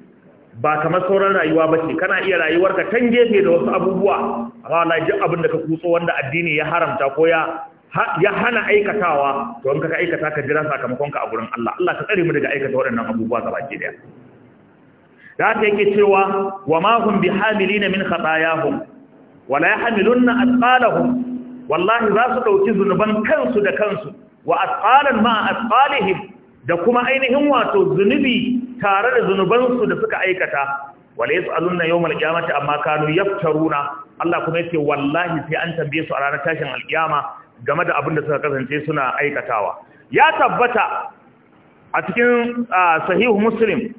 ba kamar sauran rayuwa ba ce kana iya rayuwarka tan gefe da wasu abubuwa amma wallahi duk abin da ka kutso wanda addini ya haramta ko ya ya hana aikatawa to in ka aikata ka jira sakamakon ka a gurin Allah Allah ka tsare mu daga aikata waɗannan abubuwa baki daya da haka yake cewa wa ma hum bihamilina min khatayahum wala yahmilunna athqalahum wallahi za su dauki zunuban kansu da kansu wa athqalan ma athqalihim da kuma ainihin wato zunubi tare da zunubansu da suka aikata wala yas'aluna yawmal qiyamati amma kanu yaftaruna Allah kuma yake wallahi sai an tambaye su a ranar tashin alkiyama game da abin da suka kasance suna aikatawa ya tabbata a cikin sahihu muslim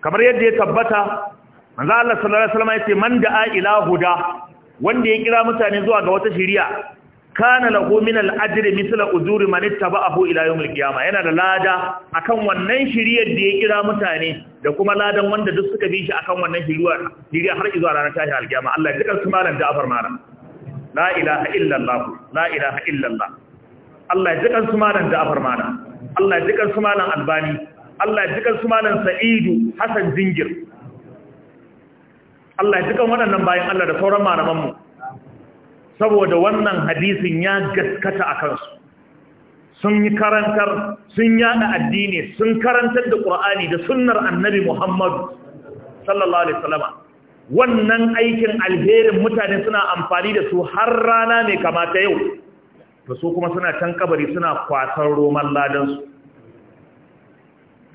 kamar yadda ya tabbata manzo Allah sallallahu alaihi wasallam yace man ila huda wanda ya kira mutane zuwa ga wata shari'a kana lahu min al-ajri mithla ujuri man ittaba'ahu ila yawm al-qiyamah yana da lada akan wannan shiriyar da ya kira mutane da kuma ladan wanda duk suka bi shi akan wannan shiriyar shiriya har zuwa ranar tashi al-qiyamah Allah ya dukkan su malam Ja'far malam la ilaha illa Allah la ilaha illa Allah Allah ya dukkan su malam Ja'far mana. Allah ya dukkan su malam Albani Allah ya dukkan su malam Sa'idu Hassan Zingir Allah ya dukkan waɗannan bayan Allah da sauran malaman mu saboda wannan hadisin ya gaskata a kansu sun yi karantar sun yada addini sun karantar da ƙur'ani da sunnar annabi muhammadu sallallahu alaihi salama wannan aikin alherin mutane suna amfani da su har rana mai kamata yau da su kuma suna can kabari suna kwasan roman ladansu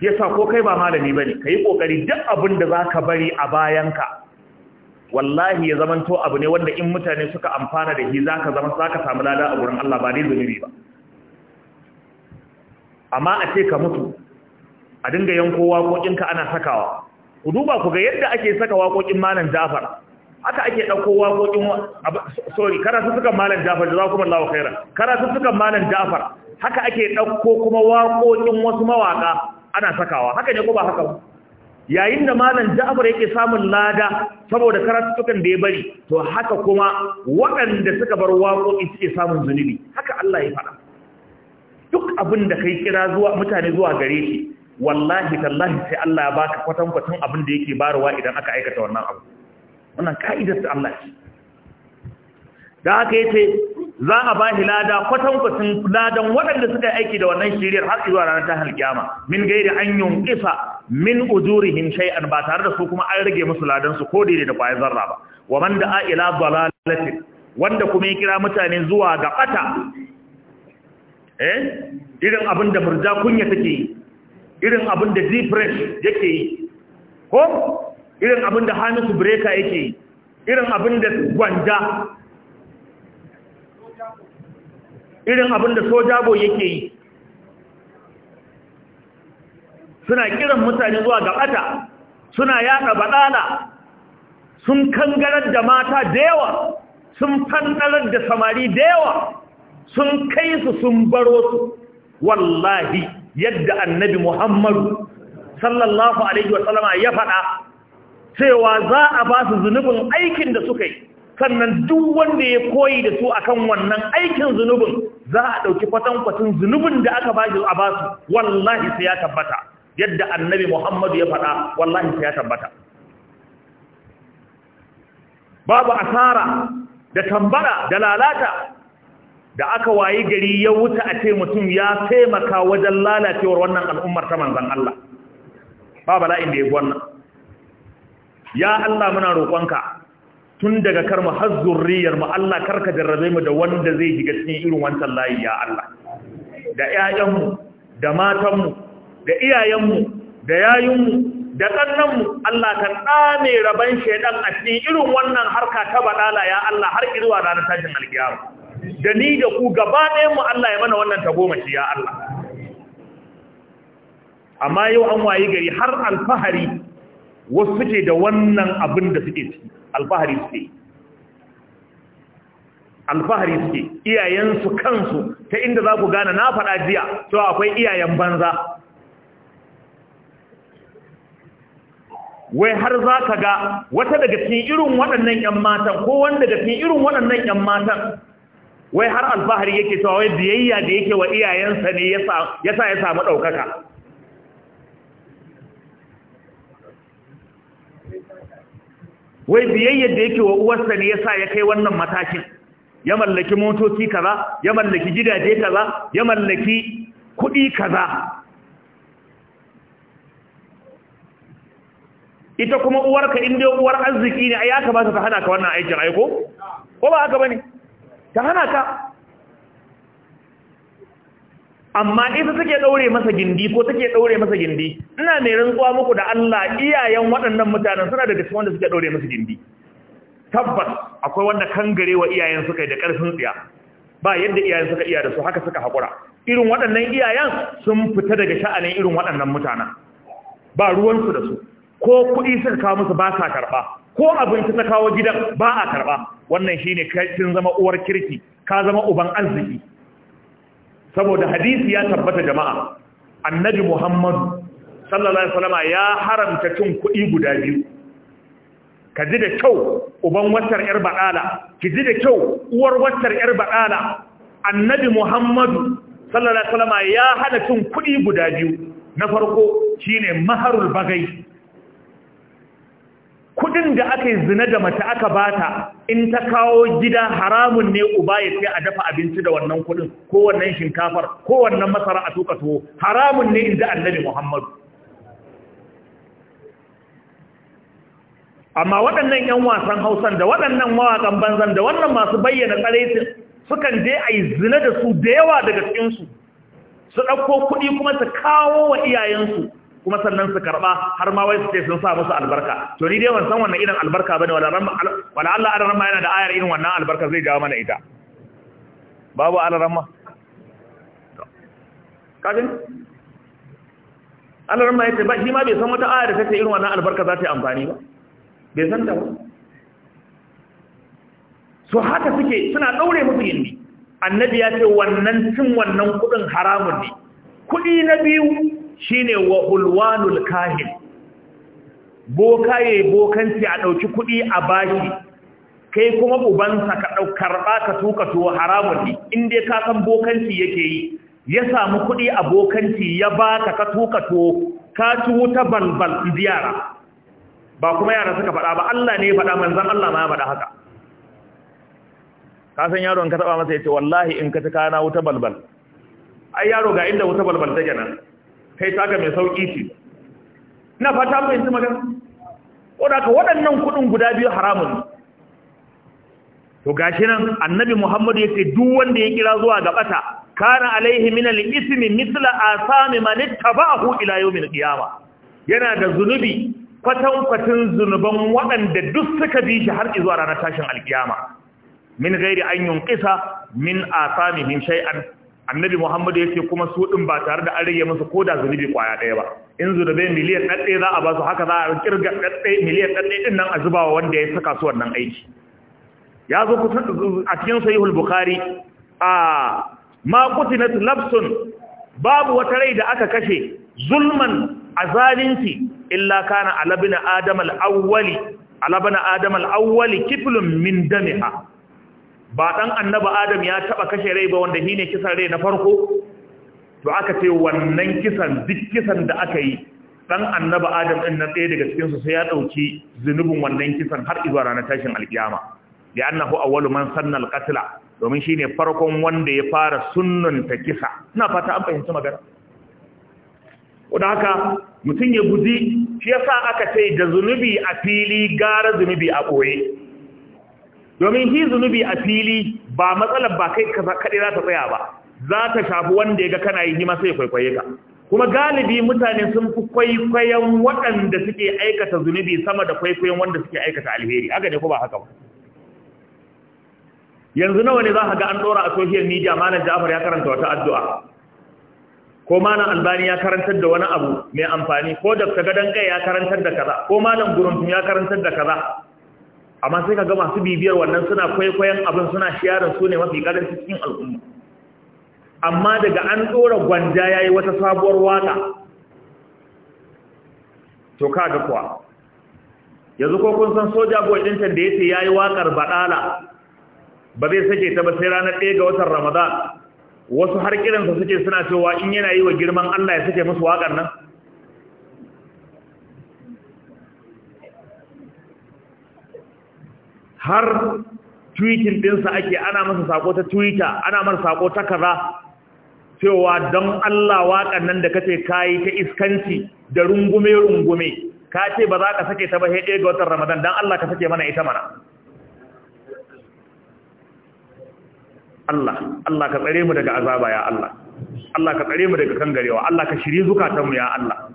yasa ko kai ba malami Ka yi ƙoƙari duk abin da zaka bari a bayanka wallahi ya to abu ne wanda in mutane suka amfana da shi zaka zama zaka samu lada a gurin Allah ba dai zunubi ba amma a ce ka mutu a dinga yanko ka ana sakawa ku duba ku ga yadda ake saka waƙoƙin malam Jafar aka ake ɗauko waƙoƙin sorry karatu sukan malam Jafar jazakumullahu khairan karatu sukan malam Jafar haka ake ɗauko kuma waƙoƙin wasu mawaƙa ana sakawa haka ne ko ba haka ba yayin da malam Ja'far yake samun lada saboda karatukan da ya bari to haka kuma waɗanda suka bar waƙoƙi suke samun zunubi haka Allah ya fara duk abin da kai kira zuwa mutane zuwa gare shi wallahi tallahi sai Allah ya baka kwatankwatan abin da yake barawa idan aka aikata wannan abu wannan ka'idar ta Allah ce da aka ce. za a ba shi lada kwatankwacin ladan waɗanda suka aiki da wannan shiriyar har zuwa ranar ta halkiyama min da an ƙisa min ujurihim shay'an ba tare da su kuma an rage musu ladansu ko daidai da kwayar zarra ba wa man da'a ila dalalatin wanda kuma ya kira mutane zuwa ga bata eh irin abin da murja kunya take yi irin abin da fresh yake yi ko irin abin da hamisu breaker yake yi irin abin da gwanja irin abin da sojabo yake yi suna kiran mutane zuwa ga bata suna yada badala sun kangarar da mata da yawa sun fannarar da samari da yawa sun kai su sun baro su wallahi yadda annabi muhammadu sallallahu alaihi wasallama ya fada cewa za a ba su zunubin aikin da suka yi sannan duk wanda ya koyi da su akan wannan aikin zunubin za a ɗauki kwatankwacin zunubin da aka ba shi a basu wallahi sai ya tabbata yadda annabi muhammadu ya faɗa wallahi sai ya tabbata babu asara da tambara da lalata da aka wayi gari ya wuta a ce mutum ya taimaka wajen lalacewar wannan al'ummar ta manzan Allah Babu la'in da ya wannan ya Allah muna roƙonka tun daga karmu har zurriyar mu Allah karka jarrabe mu da wanda zai shiga cikin irin wancan layi ya Allah da ƴaƴanmu da matanmu da iyayenmu da yayinmu da kannanmu Allah kan dame raban shedan a cikin irin wannan harka ta badala ya Allah har zuwa ranar tashin alkiyama da ni da ku gaba ɗayan mu Allah ya mana wannan tagomashi ya Allah amma yau an wayi gari har alfahari wasu suke da wannan abin da suke ciki alfahari suke alfahari suke iyayensu kansu ta inda za ku gane na faɗa jiya to akwai iyayen banza wai har za ka ga wata daga cikin irin waɗannan 'yan matan ko wanda daga cikin irin waɗannan 'yan matan wai har alfahari yake cewa wai biyayya da yake wa iyayensa ne ya sa ya samu ɗaukaka wai biyayyar da yake wa uwarsa ne ya sa ya kai wannan matakin ya mallaki motoci kaza ya mallaki gidaje kaza ya mallaki kuɗi kaza ita kuma uwarka inda uwar arziki ne ai ya kamata ta hana ka wannan aikin aiko ko ba haka bane ta hana ka amma isa suke daure masa gindi ko take daure masa gindi ina mai rantsuwa muku da Allah iyayen waɗannan mutanen suna da cikin wanda suke daure masa gindi tabbas akwai wanda kangare wa iyayen suka da ƙarfin tsiya ba yadda iyayen suka iya da su haka suka haƙura irin waɗannan iyayen sun fita daga sha'anin irin waɗannan mutanen ba ruwansu da su ko kuɗi suka kawo musu ba sa karɓa ko abinci ta kawo gidan ba a karɓa wannan shine kin zama uwar kirki ka zama uban arziki saboda hadisi ya tabbata jama'a annabi muhammadu sallallahu alaihi wasallama ya haramta cin kuɗi guda biyu ka ji da kyau uban watar yar baɗala ki ji da kyau uwar watar yar baɗala annabi muhammadu sallallahu alaihi wasallama ya hana cin kuɗi guda biyu na farko shine maharul bagai kudin da aka yi zina da mace aka bata in ta kawo gida haramun ne uba ya ce a dafa abinci da wannan kudin ko wannan shinkafar ko wannan masara a tuka tuwo haramun ne inda annabi muhammadu amma waɗannan 'yan wasan hausan da waɗannan mawaƙan banzan da wannan masu bayyana su sukan je a yi zina da su da yawa daga cikinsu su ɗauko kuɗi kuma su kawo wa iyayensu kuma sannan su karba har ma wai su ce sun sa musu albarka to ni dai ban san wannan irin albarka bane wala wala Allah an ramma yana da ayar irin wannan albarka zai jawo mana ita babu ala ramma kajin Allah ramma yace ba shi ma bai san wata ayar da take irin wannan albarka za ta yi amfani ba bai san ta ba so haka suke suna daure musu yindi annabi ya ce wannan cin wannan kudin haramun ne kudi na biyu shine wa hulwanul kahin boka ya yi bokanci a ɗauki kuɗi a bashi kai kuma ubansa ka karɓa ka tuka tuwo haramun ne in dai ka san bokanci yake yi ya samu kuɗi a bokanci ya baka ka tuka tuwo ka ci wuta balbal ziyara ba kuma yara suka faɗa ba Allah ne ya faɗa manzan Allah ma ya faɗa haka ka san yaron ka taɓa masa ya ce wallahi in ka ci kana wuta balbal ai yaro ga inda wuta balbal take nan kai taka mai sauki ce na fata fahimci magana wadaka waɗannan kuɗin guda biyu haramun to gashi nan annabi muhammadu ya ce duk wanda ya kira zuwa ga bata kana alaihi min al-ismi mithla asami man ittaba'ahu ila yawmin qiyama yana da zunubi kwatan kwatin zunuban waɗanda duk suka bi shi har zuwa ranar tashin alkiyama min ghairi an yunqisa min asamihim shay'an annabi muhammad ya ce kuma su ɗin ba tare da an rage musu ko da zunubi kwaya ɗaya ba in zurbe miliyan ɗaɗɗe za a ba su haka za a kirga ɗaɗɗe miliyan ɗaɗɗe ɗin nan a zuba wa wanda ya saka su wannan aiki ya zo a cikin sahihul bukhari a ma kutinat babu wata rai da aka kashe zulman azalinci illa kana alabna adam al-awwali alabna adam awwali kiflun min damiha ba ɗan annaba adam ya taɓa kashe rai ba wanda shine kisan rai na farko to aka ce wannan kisan duk kisan da aka yi dan annaba adam ɗin na ɗaya daga cikin su sai ya ɗauki zunubin wannan kisan har zuwa ranar tashin alkiyama nahu annahu awwalu man sanna alqatla domin shine farkon wanda ya fara sunnanta kisa ina fata an fahimci magana wanda haka mutum ya guji shi yasa aka ce da zunubi a fili gara zunubi a ɓoye. domin shi zunubi a fili ba matsalar ba kai kaɗe za ta tsaya ba za ta shafi wanda ya ga kana yi ma sai kwaikwaye ka kuma galibi mutane sun fi kwaikwayon waɗanda suke aikata zunubi sama da kwaikwayon wanda suke aikata alheri haka ne ko ba haka ba yanzu nawa ne za ka ga an ɗora a social media malam ja'far ya karanta wata addu'a ko malam albani ya karantar da wani abu mai amfani ko dafta gadon kai ya karantar da kaza ko malam guruntum ya karantar da kaza amma sai ka ga masu bibiyar wannan suna kwaikwayon abin suna shiyarar su ne mafi karanci cikin al'umma amma daga an tsora gwanja ya yi wata sabuwar waka to ga kuwa yanzu ko kun san soja boy ɗin da ya ce ya yi waƙar baɗala ba zai sake ta ba sai ranar ɗaya ga watan ramadan wasu har kiransa suke suna cewa in yana yi wa girman allah ya sake musu wakar nan har tweetin ɗinsa ake ana masa sako ta twitter ana masa sako ta kaza cewa don Allah waƙan nan da kace kayi ta iskanci da rungume-rungume ka ce ba za ka sake ta ba haɗe ga watan ramadan don Allah ka sake mana ita mana Allah Allah ka tsare mu daga azaba ya Allah Allah ka tsare mu daga kangarewa Allah ka shiri zukatanmu ya Allah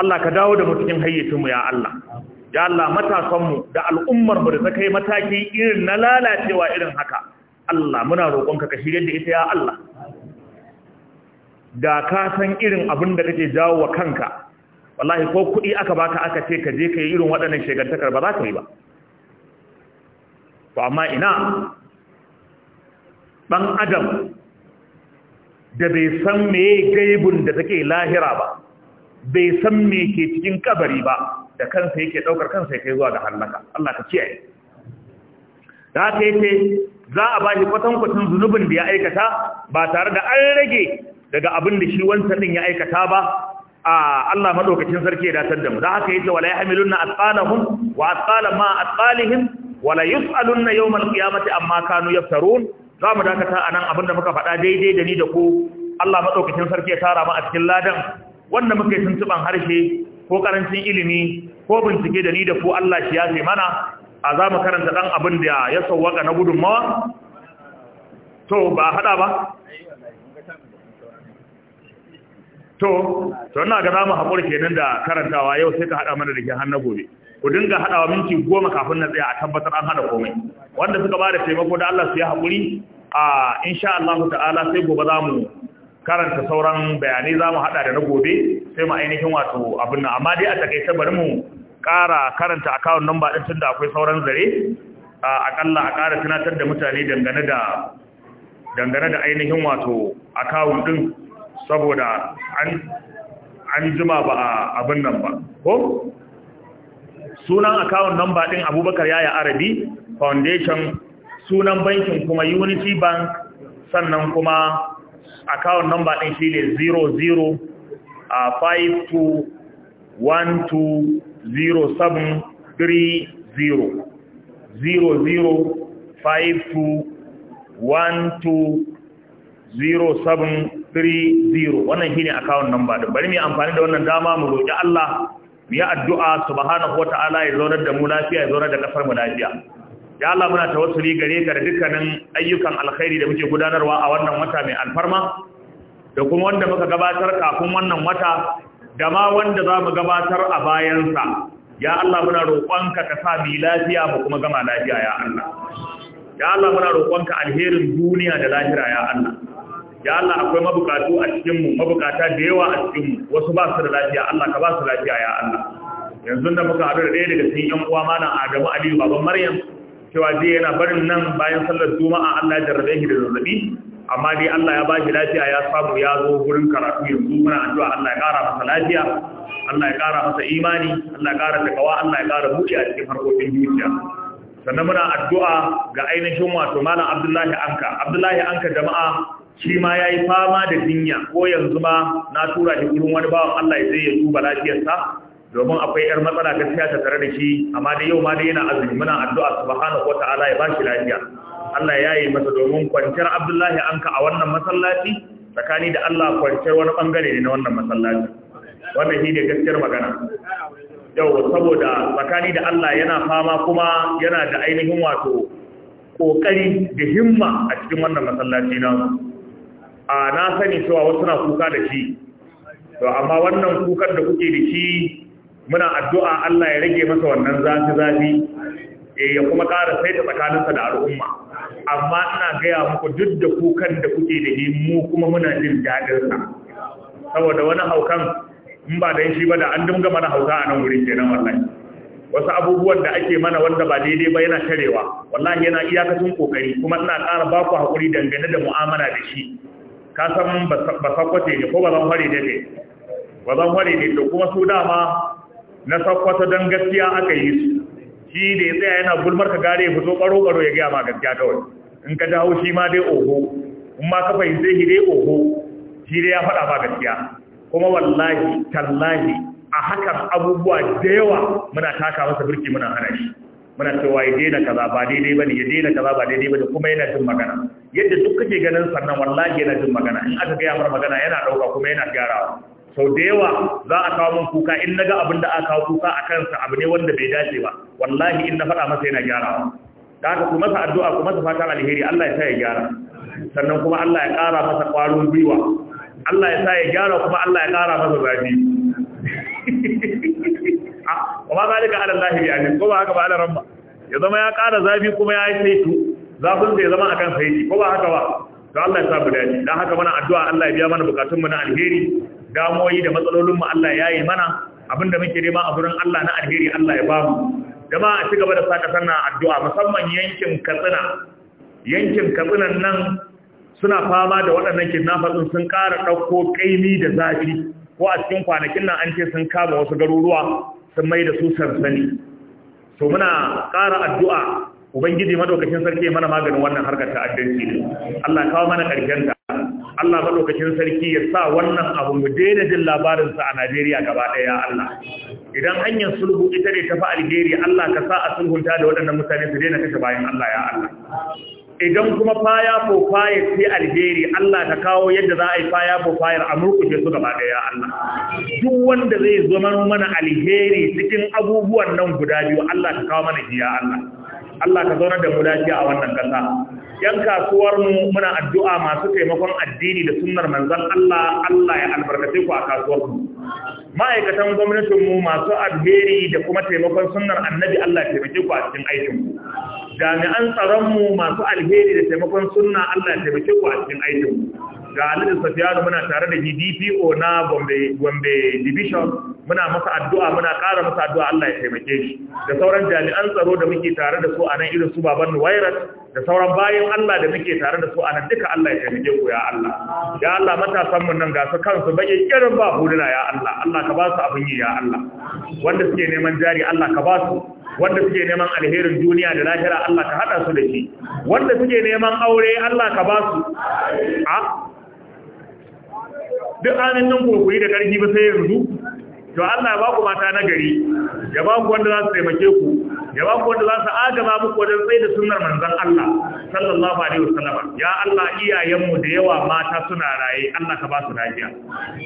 Allah ka dawo da mutukin cikin hayyacinmu ya Allah ya Allah matasanmu da al'ummar mu da ta kai mataki irin na lalacewa irin haka Allah muna roƙonka ka shirye da ita ya Allah da ka san irin abin da kake jawo wa kanka wallahi ko kuɗi aka baka aka ce ka je ka yi irin waɗannan shegantakar ba za ka yi ba to amma ina ɗan adam da bai san me gaibun da take lahira ba bai san me ke cikin kabari ba da kansa yake daukar kansa ya kai zuwa ga halaka Allah ka kiyaye da haka yace za a bashi kwatankwacin zunubin da ya aikata ba tare da an rage daga abin da shi wancan din ya aikata ba a Allah madaukakin sarki ya datar da mu da haka yace wala yahmiluna atqalahum wa atqala ma atqalihim wala yusaluna yawmal qiyamati amma kanu yaftarun za mu dakata anan da muka faɗa daidai da ni da ku Allah madaukakin sarki ya tara mu a cikin ladan wanda muke tuntuban harshe ko karancin ilimi ko bincike da ni da ku Allah shi ya fi mana a za mu karanta ɗan abin da ya sauwaka na gudunmawa? To, ba haɗa ba? To, to, na ga zamu mu haƙuri kenan da karantawa yau sai ka haɗa mana da ke hannu gobe. Ku dinga haɗawa minti goma kafin na tsaya a tabbatar an haɗa komai. Wanda suka ba da taimako da Allah su ya haƙuri, a insha Allah ta'ala sai gobe za mu karanta sauran bayanai za mu haɗa da na gobe sai mu ainihin wato abin nan amma dai a takaice bari mu ƙara karanta akawun namba ɗin tunda da akwai sauran zare aƙalla a ƙara tunatar da mutane dangane da dangane da ainihin wato akawun ɗin saboda an jima ba a abin nan ba ko sunan akawun namba ɗin abubakar yaya arabi foundation sunan bankin kuma unity bank sannan kuma account number din shine 00 0052120730 wannan shine account number din bari mu amfani da wannan dama mu roki Allah mu addu'a subhanahu wataala ya zaunar da mu lafiya ya zaunar da kasar mu lafiya ya Allah muna tawassuli gare ka da dukkanin ayyukan alkhairi da muke gudanarwa a wannan wata mai alfarma da kuma wanda muka gabatar kafin wannan wata da ma wanda za mu gabatar a bayansa ya Allah muna roƙonka ka sa mu lafiya mu kuma gama lafiya ya Allah ya Allah muna roƙonka alherin duniya da lahira ya Allah ya Allah akwai mabukatu a cikin mu mabukata da yawa a cikin mu wasu ba su da lafiya Allah ka ba su lafiya ya Allah yanzu da muka haɗu da ɗaya daga cikin ƴan uwa malam Adamu Aliyu baban Maryam cewa zai yana barin nan bayan sallar juma'a Allah ya jarrabe shi da zazzabi amma dai Allah ya bashi lafiya ya samu ya zo gurin karatu yanzu muna addu'a Allah ya kara masa lafiya Allah ya kara masa imani Allah ya kara takawa Allah ya kara buɗe a cikin harkokin zuciya sannan muna addu'a ga ainihin wato malam Abdullahi Anka Abdullahi Anka jama'a shi ma yayi fama da jinya ko yanzu ma na tura shi gurin wani bawan Allah ya zai ya duba lafiyarsa domin akwai yar matsala gaskiya ta tare da shi amma dai yau ma dai yana azumi muna addu'a subhanahu wata'ala ya bashi lafiya Allah ya yi masa domin kwanciyar Abdullahi anka a wannan masallaci tsakani da Allah kwanciyar wani bangare ne na wannan masallaci wannan shi ne gaskiyar magana yau saboda tsakani da Allah yana fama kuma yana da ainihin wato kokari da himma a cikin wannan masallaci na a na sani cewa wasu na kuka da shi to amma wannan kukar da kuke da shi muna addu'a Allah ya rage masa wannan zafi zafi eh, ya kuma ƙara sai da tsakaninsa da al'umma amma ina gaya muku duk da kukan da kuke da mu kuma muna jin daɗinsa saboda wani haukan in ba dan shi ba da an dinga mana hauka a nan wurin kenan wallahi wasu abubuwan da ake mana wanda ba daidai ba yana tarewa wallahi yana iyakacin kokari kuma ina ƙara ba ku haƙuri dangane da mu'amala da shi ka san ba sakwace ne ko ba zan fare ne ba zan fare ne kuma su dama na sakwata don gaskiya aka yi su shi da ya tsaya yana gulmar ka gare ya fito k'aro-k'aro ya gaya ma gaskiya kawai in ka dawo shi ma dai oho in ma ka yin zai dai oho shi dai ya faɗa ma gaskiya kuma wallahi tallahi a haka abubuwa da yawa muna taka masa birki muna hana shi muna cewa ya daina kaza ba daidai bane ya daina kaza ba daidai bane kuma yana jin magana yadda duk kake ganin sannan wallahi yana jin magana in aka gaya mar magana yana ɗauka kuma yana gyarawa sau da yawa za a kawo mun kuka in naga abin da aka kawo kuka a kansa abu ne wanda bai dace ba wallahi in na faɗa masa yana gyarawa da haka ku masa addu'a ku masa fatan alheri Allah ya sa ya gyara sannan kuma Allah ya ƙara masa ƙwarin gwiwa Allah ya sa ya gyara kuma Allah ya ƙara masa zafi kuma ah, ba daga Allah bi alim ko ba haka ba ala ramma ya zama ya ƙara zafi kuma ya yi saitu zafin da ya zama akan saiti ko ba haka ba to Allah ya sa mu dace dan haka muna addu'a Allah ya biya mana bukatun mu na alheri Damoyi da matsalolin mu Allah ya yi mana abinda muke nema a gurin Allah na alheri Allah ya ba mu a ci gaba da saka sanna addu'a musamman yankin Katsina yankin Katsinan nan suna fama da waɗannan kidnappers sun ƙara ɗauko kaimi da zafi ko a cikin kwanakin nan an ce sun kama wasu garuruwa sun mai da su sansani so muna ƙara addu'a ubangiji madaukakin sarki mana maganin wannan harkar ta'addanci Allah kawo mana ƙarshen Allah lokacin sarki ya sa wannan abu mu daina jin labarinsa a Najeriya gaba ɗaya Allah. Idan hanyar sulhu ita ne tafi Algeria, Allah ka sa a sulhunta da waɗannan mutane su daina kashe bayan Allah ya Allah. Idan kuma faya ko faya ce alheri Allah ka kawo yadda za a yi faya ko fayar a murkushe su gaba ɗaya Allah. Duk wanda zai zama mana Algeria cikin abubuwan nan guda biyu Allah ka kawo mana jiya Allah. Allah ka zaunar da mu lafiya a wannan ƙasa yan kasuwar mu muna addu'a masu taimakon addini da sunnar manzon Allah Allah ya albarkace ku a kasuwar mu ma'aikatan gwamnatin mu masu alheri da kuma taimakon sunnar annabi Allah ya taimake ku a cikin aikin ku jami'an tsaron mu masu alheri da taimakon sunna Allah ya taimake ku a cikin aikin ku ga alhaji safiyanu muna tare da dpo na gombe division muna masa addu'a muna ƙara masa addu'a allah ya taimake shi da sauran jami'an tsaro da muke tare da su a nan irin su baban nuwairat da sauran bayan allah da muke tare da su a nan duka allah ya taimake ku ya allah ya allah matasan nan ga su kansu baƙi irin ba huluna ya allah allah ka ba su abin yi ya allah wanda suke neman jari allah ka ba su wanda suke neman alherin duniya da lahira Allah ka hada su da shi wanda suke neman aure Allah ka ba su duk amin nan ku yi da ƙarfi ba sai ya yanzu to Allah ya ba ku mata na gari ya ba ku wanda za su taimake ku ya ba ku wanda za su agaba muku wajen tsaye da sunnar manzon Allah sallallahu alaihi wasallam ya Allah iyayenmu da yawa mata suna raye Allah ka ba su lafiya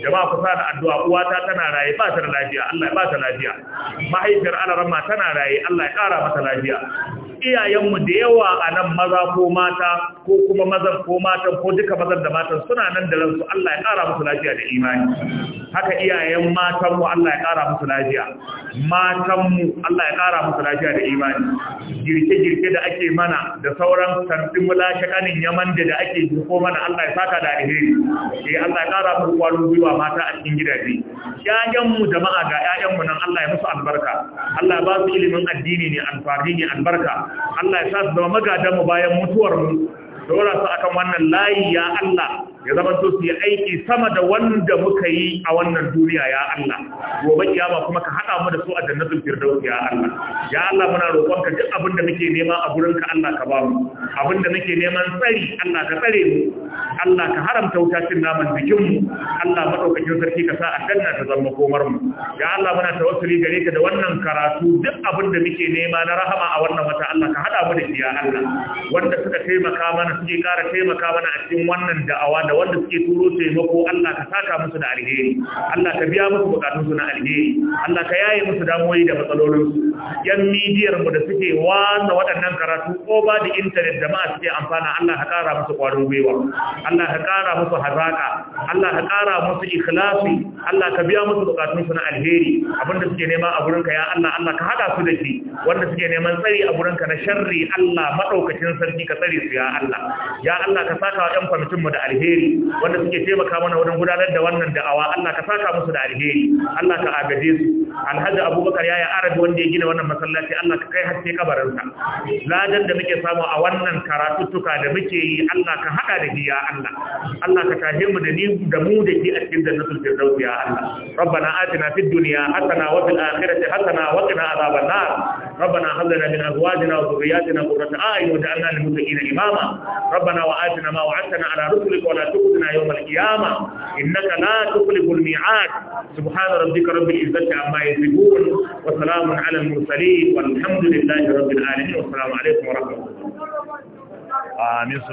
jama'a ku sa da addu'a uwata tana raye ba ta da lafiya Allah ya ba ta lafiya mahaifiyar alarama tana raye Allah ya kara mata lafiya iyayenmu da yawa a nan maza ko mata ko kuma mazan ko matan ko duka mazan da matan suna nan da ransu Allah ya kara musu lafiya da imani haka iyayen matanmu Allah ya kara musu lafiya matanmu Allah ya kara musu lafiya da imani girke-girke da ake mana da sauran sarfin mulashakanin kanin yaman da ake jiko mana Allah ya saka da alheri eh Allah ya ƙara musu kwalon biwa mata a cikin gidaje ƴaƴanmu jama'a ga ƴaƴanmu nan Allah ya musu albarka Allah ya ba su ilimin addini ne alfarin ne albarka Allah ya sa su zama magadanmu bayan mutuwar mu dora su akan wannan layi ya Allah ya zama to su yi aiki sama da wanda muka yi a wannan duniya ya Allah gobe kiyama kuma ka hada mu da su a jannatul firdaus ya Allah ya Allah muna roƙon ka duk abin da muke nema a gurin ka Allah ka ba mu abin da muke neman tsari Allah ka tsare mu Allah ka haramta wuta cin naman jikin mu Allah madaukakin sarki ka sa a aljanna ta zama komar mu ya Allah muna tawassuli gare ka da wannan karatu duk abin da muke nema na rahama a wannan wata Allah ka hada mu da shi ya Allah wanda suka taimaka mana suke kara taimaka mana a cikin wannan da'awa da wanda suke turo taimako Allah ka saka musu da alheri Allah ka biya musu bukatun na alheri Allah ka yaye musu damuwoyi da matsalolin su yan midiyar mu da suke wanda waɗannan karatu ko ba da internet da ma suke amfana Allah ka kara musu kwarin gwiwa Allah ka kara musu hazaka Allah ka kara musu ikhlasi Allah ka biya musu bukatun na alheri abinda suke nema a gurin ka ya Allah Allah ka hada su da shi wanda suke neman tsari a gurin ka na sharri Allah madaukakin sarki ka tsare su ya Allah ya Allah ka saka wa ɗan kwamitin mu da alheri alheri wanda suke taimaka mana wajen gudanar da wannan da'awa Allah ka saka musu da alheri Allah ka agaje su Alhaji Abubakar yayi Arabi wanda ya gina wannan masallaci Allah ka kai haske kabarinsa ladan da muke samu a wannan karatuttuka da muke yi Allah ka hada da shi Allah Allah ka tahe mu da ni da mu da ke a cikin jannatul firdaus ya Allah rabbana atina fid dunya hasana wa fil akhirati hasana wa qina adhaban nar rabbana hab lana min azwajina wa dhurriyyatina qurrata a'yun waj'alna lil muttaqina imama rabbana wa atina ma wa'adtana ala rusulika wa la تؤذنا يوم القيامة إنك لا تخلف الميعاد سبحان ربك رب العزة عما يصفون وسلام على المرسلين والحمد لله رب العالمين والسلام عليكم ورحمة الله آمين